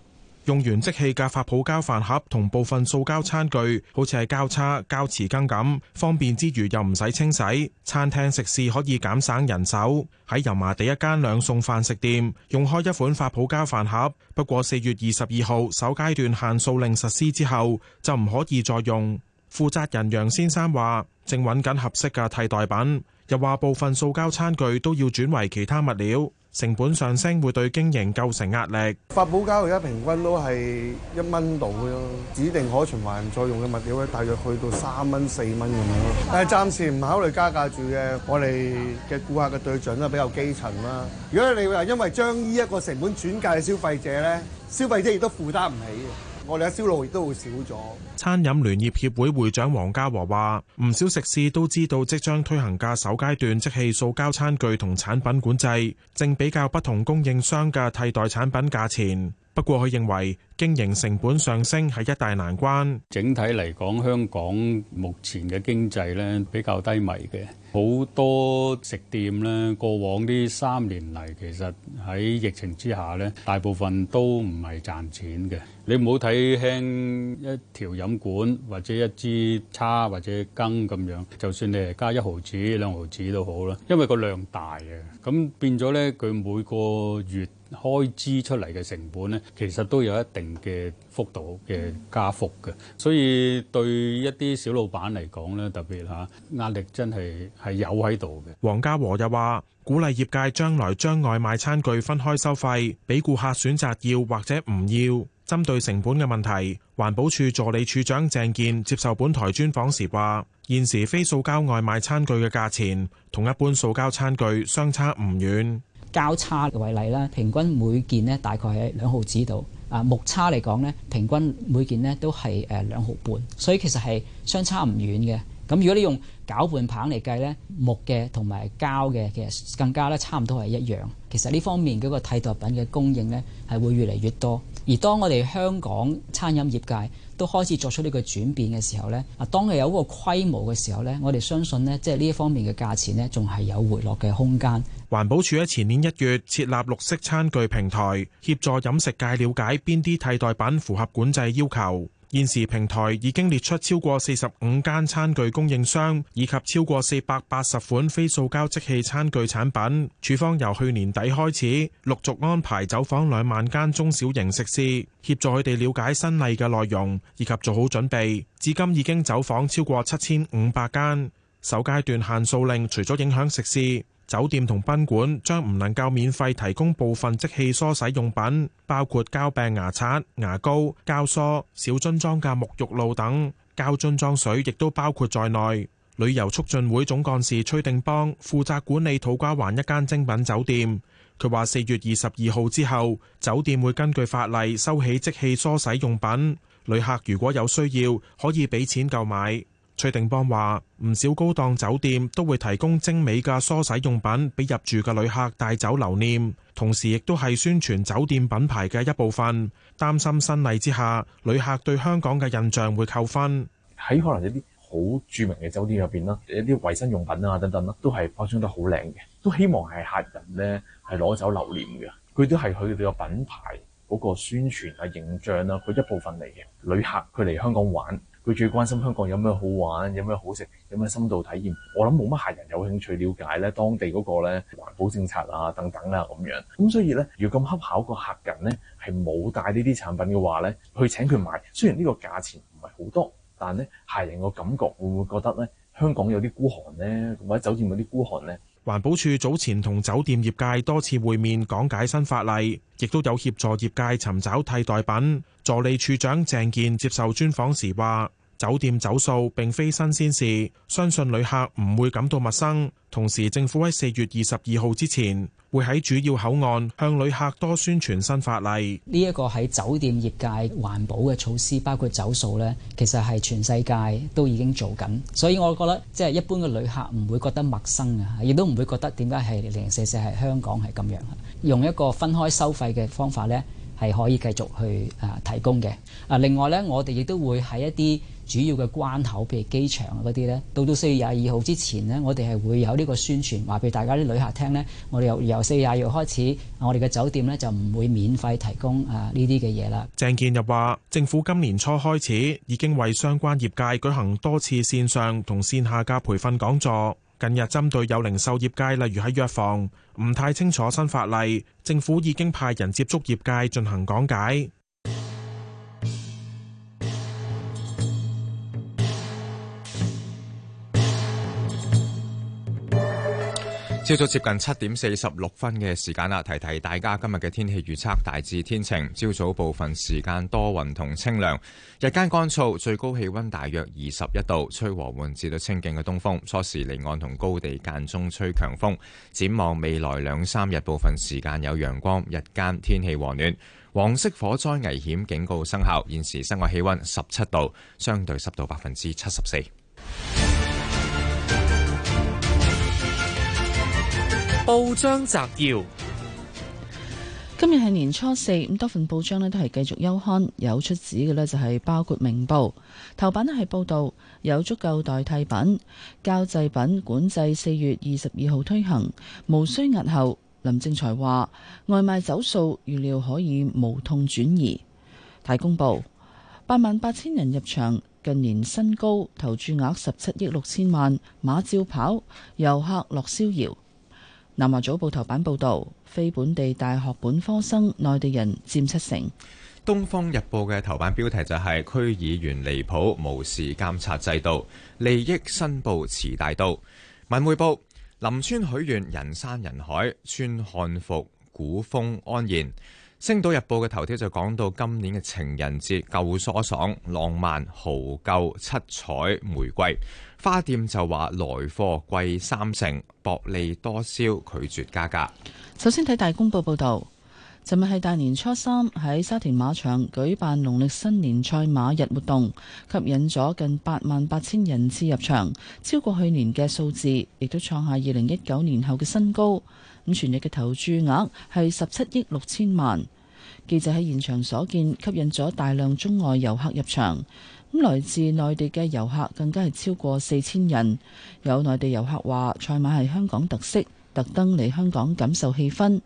用完即棄嘅發泡膠飯盒同部分塑膠餐具，好似係膠叉、膠匙羹咁，方便之餘又唔使清洗。餐廳食肆可以減省人手。喺油麻地一間兩餸飯食店用開一款發泡膠飯盒，不過四月二十二號首階段限數令實施之後，就唔可以再用。負責人楊先生話：正揾緊合適嘅替代品，又話部分塑膠餐具都要轉為其他物料。成本上升會對經營構成壓力。發泡膠而家平均都係一蚊度咯，指定可循環再用嘅物料咧，大約去到三蚊四蚊咁樣咯。但係暫時唔考慮加價住嘅，我哋嘅顧客嘅對準咧比較基層啦。如果你話因為將呢一個成本轉嫁嘅消費者咧，消費者亦都負擔唔起嘅。我哋嘅銷路亦都會少咗。餐飲聯業協會會長黃家和話：唔少食肆都知道即將推行嘅首階段即係塑膠餐具同產品管制，正比較不同供應商嘅替代產品價錢。不過佢認為經營成本上升係一大難關。整體嚟講，香港目前嘅經濟咧比較低迷嘅，好多食店咧過往呢三年嚟，其實喺疫情之下咧，大部分都唔係賺錢嘅。你唔好睇輕一條飲管或者一支叉或者羹咁樣，就算你係加一毫子兩毫子都好啦，因為個量大嘅，咁變咗咧佢每個月。開支出嚟嘅成本呢，其實都有一定嘅幅度嘅加幅嘅，所以對一啲小老闆嚟講呢，特別係壓力真係係有喺度嘅。黃家和又話：鼓勵業界將來將外賣餐具分開收費，俾顧客選擇要或者唔要。針對成本嘅問題，環保署助理處長鄭健接受本台專訪時話：現時非塑膠外賣餐具嘅價錢，同一般塑膠餐具相差唔遠。交叉嘅為例啦，平均每件咧大概喺兩毫紙度。啊，木叉嚟講咧，平均每件咧都係誒兩毫半，所以其實係相差唔遠嘅。咁如果你用攪拌棒嚟計咧，木嘅同埋膠嘅其實更加咧差唔多係一樣。其實呢方面嗰個替代品嘅供應咧係會越嚟越多，而當我哋香港餐飲業界，都開始作出呢個轉變嘅時候呢，啊，當佢有個規模嘅時候呢，我哋相信呢，即係呢一方面嘅價錢呢，仲係有回落嘅空間。環保署喺前年一月設立綠色餐具平台，協助飲食界了解邊啲替代品符合管制要求。現時平台已經列出超過四十五間餐具供應商，以及超過四百八十款非塑膠即棄餐具產品。署方由去年底開始陸續安排走訪兩萬間中小型食肆，協助佢哋了解新例嘅內容以及做好準備。至今已經走訪超過七千五百間。首階段限塑令除咗影響食肆。酒店同賓館將唔能夠免費提供部分即棄梳洗用品，包括膠柄牙刷、牙膏、膠梳、小樽裝嘅沐浴露等，膠樽裝水亦都包括在內。旅遊促進會總幹事崔定邦負責管理土瓜灣一間精品酒店，佢話：四月二十二號之後，酒店會根據法例收起即棄梳洗用品，旅客如果有需要，可以俾錢購買。崔定邦話：唔少高檔酒店都會提供精美嘅梳洗用品俾入住嘅旅客帶走留念，同時亦都係宣傳酒店品牌嘅一部分。擔心新例之下，旅客對香港嘅印象會扣分。喺可能一啲好著名嘅酒店入邊啦，一啲衛生用品啊等等啦，都係包裝得好靚嘅，都希望係客人呢係攞走留念嘅。佢都係佢哋個品牌嗰個宣傳啊形象啦、啊，佢一部分嚟嘅。旅客佢嚟香港玩。佢最關心香港有咩好玩，有咩好食，有咩深度體驗。我諗冇乜客人有興趣了解咧當地嗰個咧環保政策啊等等啦、啊、咁樣。咁所以咧，如果咁恰巧個客人咧係冇帶呢啲產品嘅話咧，去請佢買，雖然呢個價錢唔係好多，但係咧客人個感覺會唔會覺得咧香港有啲孤寒咧，或者酒店有啲孤寒咧？環保署早前同酒店業界多次會面講解新法例，亦都有協助業界尋找替代品。助理處長鄭健接受專訪時話，酒店走數並非新鮮事，相信旅客唔會感到陌生。同時，政府喺四月二十二號之前。會喺主要口岸向旅客多宣傳新法例。呢一個喺酒店業界環保嘅措施，包括走數咧，其實係全世界都已經做緊。所以我覺得，即係一般嘅旅客唔會覺得陌生嘅，亦都唔會覺得點解係零零舍舍係香港係咁樣。用一個分開收費嘅方法咧，係可以繼續去誒提供嘅。啊，另外咧，我哋亦都會喺一啲。主要嘅關口，譬如機場啊嗰啲呢，到到四月廿二號之前呢，我哋係會有呢個宣傳，話俾大家啲旅客聽呢，我哋由由四月廿二號開始，我哋嘅酒店呢就唔會免費提供啊呢啲嘅嘢啦。鄭建日話：政府今年初開始已經為相關業界舉行多次線上同線下嘅培訓講座。近日針對有零售業界，例如喺藥房唔太清楚新法例，政府已經派人接觸業界進行講解。朝早接近七點四十六分嘅時間啦，提提大家今日嘅天氣預測大致天晴，朝早部分時間多雲同清涼，日間乾燥，最高氣溫大約二十一度，吹和緩至到清勁嘅東風，初時離岸同高地間中吹強風。展望未來兩三日，部分時間有陽光，日間天氣和暖。黃色火災危險警告生效，現時室外氣溫十七度，相對濕度百分之七十四。報章摘要：今日係年初四，咁多份報章咧都係繼續休刊。有出紙嘅咧就係包括《明報》頭版咧係報道有足夠代替品膠製品管制四月二十二號推行，無需押後。林正財話外賣走數預料可以無痛轉移。《大公報》八萬八千人入場，近年新高投注額十七億六千萬。馬照跑，遊客樂逍遙。南華早報頭版報導，非本地大學本科生，內地人佔七成。《東方日報》嘅頭版標題就係、是、區議員離譜，無視監察制度，利益申報遲大到。文匯報，林村許願人山人海，穿漢服古風安然。《星島日報》嘅頭條就講到今年嘅情人節夠疏爽，浪漫豪夠七彩玫瑰。花店就話來貨貴三成，薄利多銷，拒絕加價。首先睇大公報報道，尋日係大年初三喺沙田馬場舉辦農曆新年賽馬日活動，吸引咗近八萬八千人次入場，超過去年嘅數字，亦都創下二零一九年後嘅新高。咁全日嘅投注額係十七億六千萬。記者喺現場所見，吸引咗大量中外遊客入場。咁來自內地嘅遊客更加係超過四千人。有內地遊客話：賽馬係香港特色，特登嚟香港感受氣氛。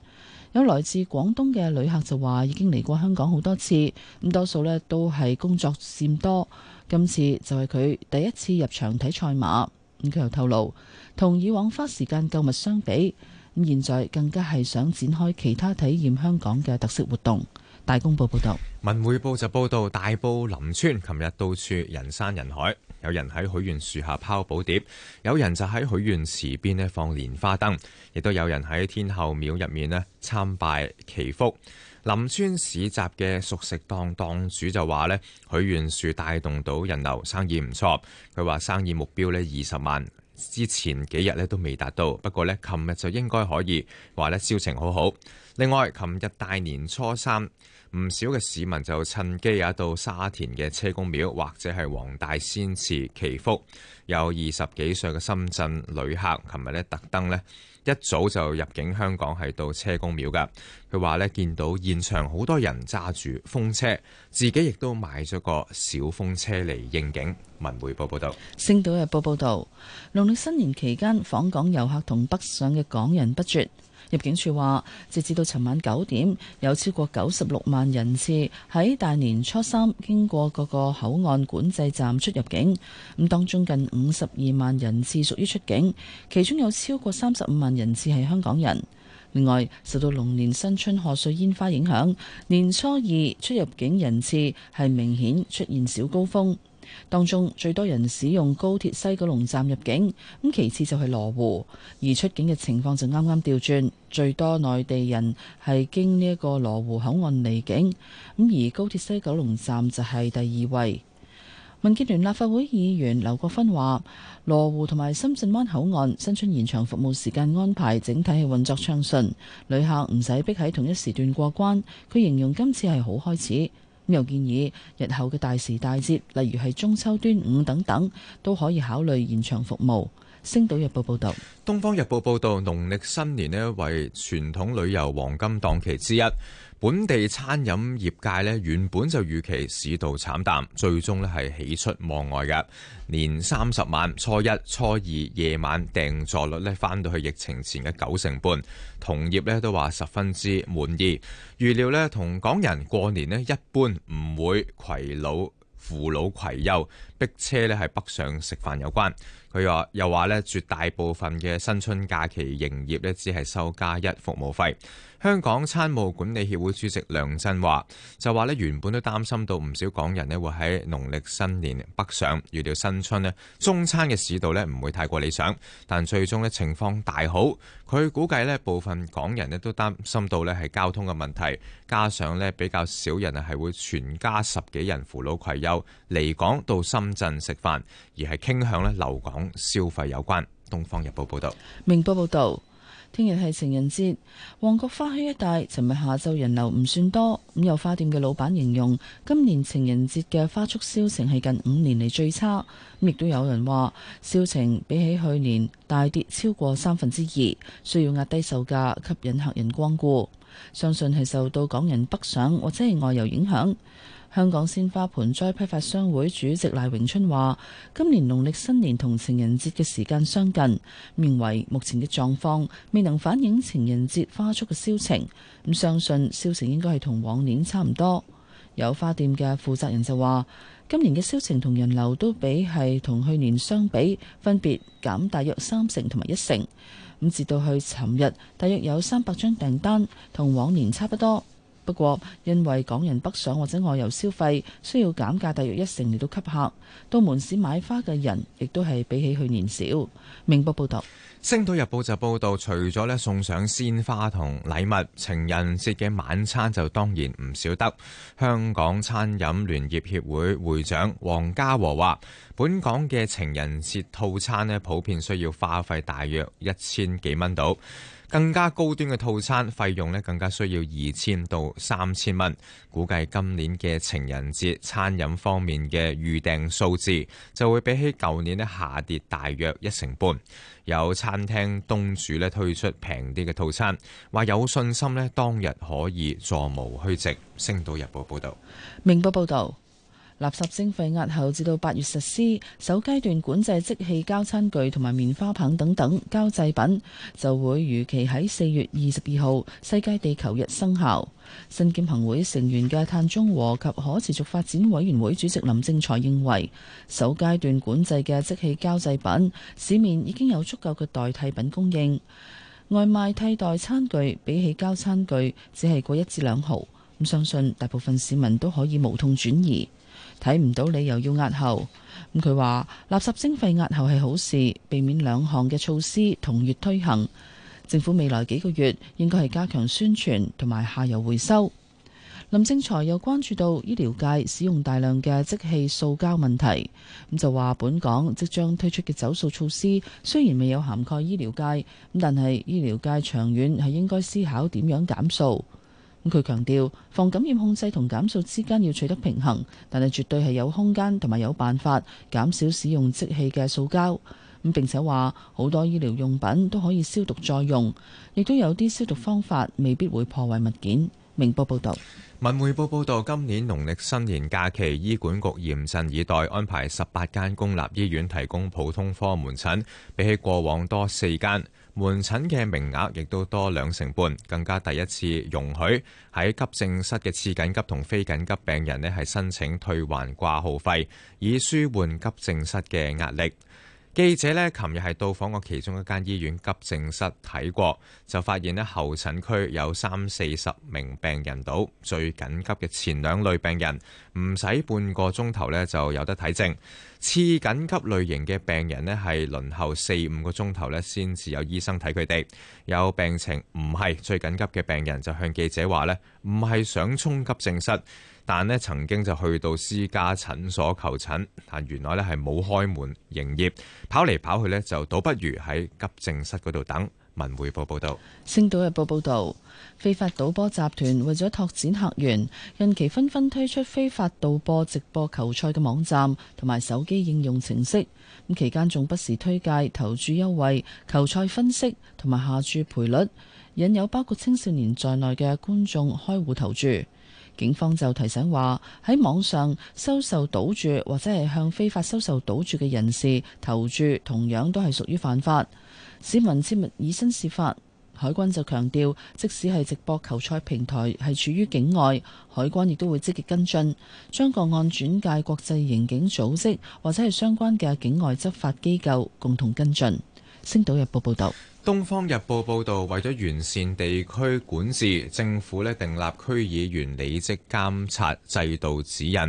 有來自廣東嘅旅客就話：已經嚟過香港好多次，咁多數呢都係工作佔多。今次就係佢第一次入場睇賽馬。咁佢又透露，同以往花時間購物相比。咁現在更加係想展開其他體驗香港嘅特色活動。大公報報道，文匯報就報道大埔林村琴日到處人山人海，有人喺許願樹下拋寶碟，有人就喺許願池邊咧放蓮花燈，亦都有人喺天后廟入面咧參拜祈福。林村市集嘅熟食檔檔主就話咧，許願樹帶動到人流，生意唔錯。佢話生意目標呢二十萬。之前幾日咧都未達到，不過呢，琴日就應該可以，話呢，銷情好好。另外，琴日大年初三。唔少嘅市民就趁機呀，到沙田嘅車公廟或者係黃大仙祠祈福。有二十幾歲嘅深圳旅客，琴日呢，特登呢，一早就入境香港，係到車公廟噶。佢話呢，見到現場好多人揸住風車，自己亦都買咗個小風車嚟應景。文匯報報道：《星島日報》報道，農曆新年期間訪港遊客同北上嘅港人不絕。入境處話，截至到尋晚九點，有超過九十六萬人次喺大年初三經過各個口岸管制站出入境。咁當中近五十二萬人次屬於出境，其中有超過三十五萬人次係香港人。另外，受到龍年新春賀歲煙花影響，年初二出入境人次係明顯出現小高峰。當中最多人使用高鐵西九龍站入境，咁其次就係羅湖，而出境嘅情況就啱啱調轉，最多內地人係經呢一個羅湖口岸離境，咁而高鐵西九龍站就係第二位。民建聯立法會議員劉國勳話：羅湖同埋深圳灣口岸新春延長服務時間安排，整體係運作暢順，旅客唔使逼喺同一時段過關。佢形容今次係好開始。又建議，日後嘅大時大節，例如係中秋、端午等等，都可以考慮延長服務。星島日報報道：「東方日報報道，農曆新年呢為傳統旅遊黃金檔期之一。本地餐飲業界咧原本就預期市道慘淡，最終咧係喜出望外嘅，年三十晚初一、初二夜晚訂座率咧翻到去疫情前嘅九成半，同業咧都話十分之滿意。預料咧同港人過年咧一般唔會攜老扶老攜幼，逼車咧係北上食飯有關。佢話又話呢，絕大部分嘅新春假期營業呢，只係收加一服務費。香港餐務管理協會主席梁振華就話呢，原本都擔心到唔少港人呢會喺農曆新年北上，預料新春呢，中餐嘅市道呢唔會太過理想，但最終呢情況大好。佢估計呢部分港人呢都擔心到呢係交通嘅問題，加上呢比較少人係會全家十幾人扶老攜幼離港到深圳食飯。而係傾向咧，留港消費有關。《東方日報》報道，《明報》報道，聽日係情人節，旺角花墟一帶，尋日下晝人流唔算多。咁有花店嘅老闆形容，今年情人節嘅花束銷情係近五年嚟最差。亦都有人話，銷情比起去年大跌超過三分之二，需要壓低售價吸引客人光顧。相信係受到港人北上或者係外遊影響。香港鮮花盆栽批發商會主席賴永春話：今年農曆新年同情人節嘅時間相近，認為目前嘅狀況未能反映情人節花束嘅銷情。咁相信銷情應該係同往年差唔多。有花店嘅負責人就話：今年嘅銷情同人流都比係同去年相比，分別減大約三成同埋一成。咁直到去尋日，大約有三百張訂單，同往年差不多。不過，因為港人北上或者外遊消費，需要減價大約一成嚟到吸客。到門市買花嘅人，亦都係比起去年少。明報報道，《星島日報》就報道，除咗咧送上鮮花同禮物，情人節嘅晚餐就當然唔少得。香港餐飲聯業協會會長王家和話，本港嘅情人節套餐咧，普遍需要花費大約一千幾蚊到。更加高端嘅套餐費用呢更加需要二千到三千蚊。估計今年嘅情人節餐飲方面嘅預訂數字就會比起舊年呢下跌大約一成半。有餐廳東主呢推出平啲嘅套餐，話有信心呢當日可以座無虛席。星島日報報道，明報報道。垃圾徵費押後至到八月實施，首階段管制即棄膠餐具同埋棉花棒等等膠製品就會如期喺四月二十二號世界地球日生效。身兼行會成員嘅碳中和及可持續發展委員會主席林正財認為，首階段管制嘅即棄膠製品市面已經有足夠嘅代替品供應。外賣替代餐具比起膠餐具只係過一至兩毫，咁相信大部分市民都可以無痛轉移。睇唔到理由要押後，咁佢話垃圾徵費押後係好事，避免兩項嘅措施同月推行。政府未來幾個月應該係加強宣傳同埋下游回收。林正財又關注到醫療界使用大量嘅即棄塑膠問題，咁就話本港即將推出嘅走數措施雖然未有涵蓋醫療界，咁但係醫療界長遠係應該思考點樣減數。咁佢強調，防感染控制同減塑之間要取得平衡，但係絕對係有空間同埋有辦法減少使用即棄嘅塑膠。咁並且話，好多醫療用品都可以消毒再用，亦都有啲消毒方法未必會破壞物件。明報報道：「文匯報報道，今年農曆新年假期，醫管局嚴陣以待，安排十八間公立醫院提供普通科門診，比起過往多四間。門診嘅名額亦都多兩成半，更加第一次容許喺急症室嘅次緊急同非緊急病人呢係申請退還掛號費，以舒緩急症室嘅壓力。記者呢，琴日係到訪過其中一間醫院急症室睇過，就發現呢候診區有三四十名病人到。最緊急嘅前兩類病人唔使半個鐘頭呢就有得睇症，次緊急類型嘅病人呢係輪候四五個鐘頭呢先至有醫生睇佢哋，有病情唔係最緊急嘅病人就向記者話呢唔係想沖急症室。但呢曾經就去到私家診所求診，但原來呢係冇開門營業，跑嚟跑去呢，就倒不如喺急症室嗰度等。文匯報報導，星島日報報導，非法賭波集團為咗拓展客源，近期紛紛推出非法賭波直播球賽嘅網站同埋手機應用程式。咁期間仲不時推介投注優惠、球賽分析同埋下注賠率，引誘包括青少年在內嘅觀眾開戶投注。警方就提醒話：喺網上收受賭注或者係向非法收受賭注嘅人士投注，同樣都係屬於犯法。市民切勿以身試法。海關就強調，即使係直播球賽平台係處於境外，海關亦都會積極跟進，將個案轉介國際刑警組織或者係相關嘅境外執法機構共同跟進。星島日報報道。《東方日報》報導，為咗完善地區管治，政府咧訂立區議員履職監察制度指引，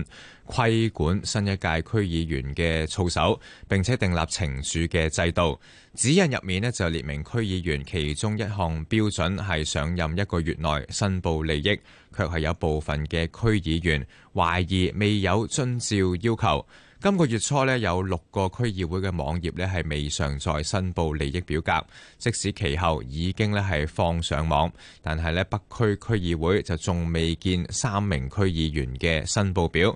規管新一屆區議員嘅操守，並且訂立懲處嘅制度。指引入面咧就列明區議員其中一項標準係上任一個月內申報利益，卻係有部分嘅區議員懷疑未有遵照要求。今個月初咧，有六個區議會嘅網頁咧係未上載申報利益表格，即使其後已經咧係放上網，但係咧北區區議會就仲未見三名區議員嘅申報表，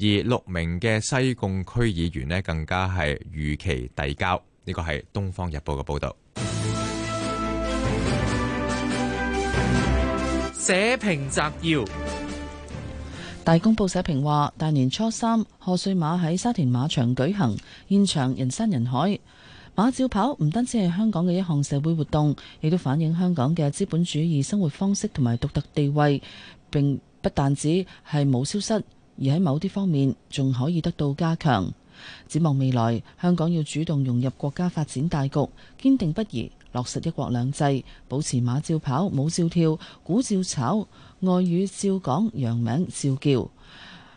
而六名嘅西貢區議員咧更加係逾期遞交。呢個係《東方日報》嘅報導。社評摘要。大公報社評話：大年初三賀歲馬喺沙田馬場舉行，現場人山人海。馬照跑唔單止係香港嘅一項社會活動，亦都反映香港嘅資本主義生活方式同埋獨特地位。並不單止係冇消失，而喺某啲方面仲可以得到加強。展望未來，香港要主動融入國家發展大局，堅定不移落實一國兩制，保持馬照跑、舞照跳、股照炒。外語照講，洋名照叫，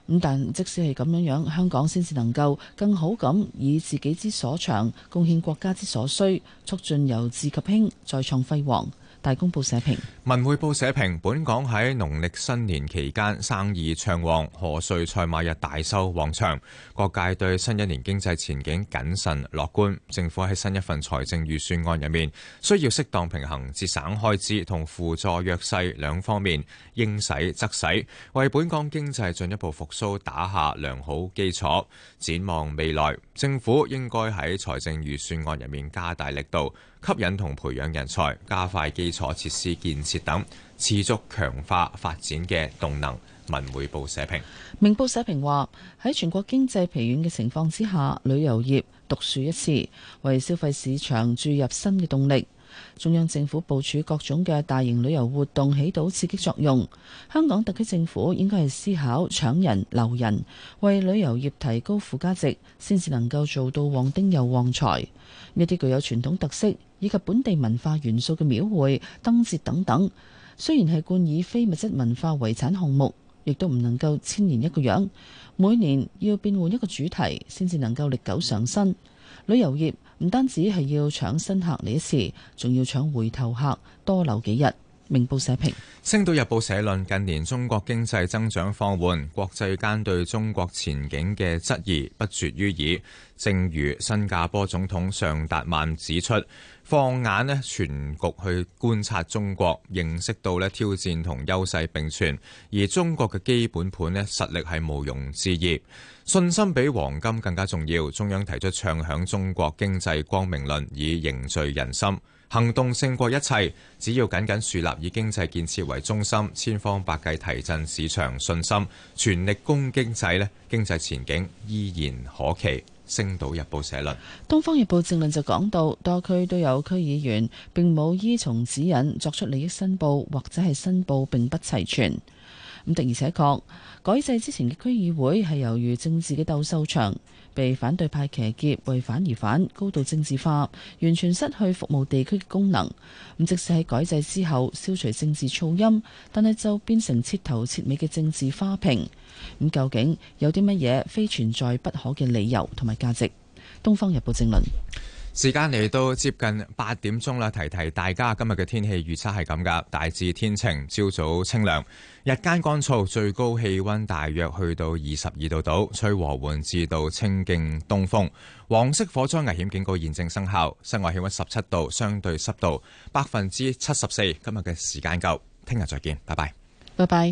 咁但即使係咁樣樣，香港先至能夠更好咁以自己之所長，貢獻國家之所需，促進由治及興，再創輝煌。大公報社評。文匯報社評：本港喺農曆新年期間生意暢旺，賀歲賽馬日大收旺場。各界對新一年經濟前景謹慎樂觀。政府喺新一份財政預算案入面，需要適當平衡節省開支同輔助弱勢兩方面，應使則使，為本港經濟進一步復蘇打下良好基礎。展望未來，政府應該喺財政預算案入面加大力度，吸引同培養人才，加快基礎設施建設。等持續強化發展嘅動能。文匯報社評。明報社評話喺全國經濟疲軟嘅情況之下，旅遊業獨樹一幟，為消費市場注入新嘅動力。中央政府部署各種嘅大型旅遊活動，起到刺激作用。香港特區政府應該係思考搶人留人，為旅遊業提高附加值，先至能夠做到旺丁又旺財。一啲具有傳統特色以及本地文化元素嘅廟會、燈節等等，雖然係冠以非物質文化遺產項目，亦都唔能夠千年一個樣，每年要變換一個主題，先至能夠歷久常新。旅遊業唔單止係要搶新客嚟一次，仲要搶回頭客，多留幾日。明報社評，《星島日報》社論：近年中國經濟增長放緩，國際間對中國前景嘅質疑不絕於耳。正如新加坡總統尚達曼指出，放眼呢全局去觀察中國，認識到呢挑戰同優勢並存，而中國嘅基本盤呢實力係毋庸置疑。信心比黃金更加重要。中央提出唱響中國經濟光明論，以凝聚人心。行動勝過一切，只要緊緊樹立以經濟建設為中心，千方百計提振市場信心，全力攻經濟咧，經濟前景依然可期。星島日報社論。東方日報政論就講到，多區都有區議員並冇依從指引作出利益申報，或者係申報並不齊全。咁的而且確，改制之前嘅區議會係由於政治嘅鬥獸場。被反對派騎劫、為反而反，高度政治化，完全失去服務地區嘅功能。咁即使喺改制之後消除政治噪音，但係就變成徹頭徹尾嘅政治花瓶。咁究竟有啲乜嘢非存在不可嘅理由同埋價值？《東方日報》正論。時間嚟到接近八點鐘啦，提提大家今日嘅天氣預測係咁噶，大致天晴，朝早清涼，日間乾燥，最高氣溫大約去到二十二度度，吹和緩至到清勁東風，黃色火災危險警告現正生效，室外氣溫十七度，相對濕度百分之七十四。今日嘅時間夠，聽日再見，拜拜，拜拜。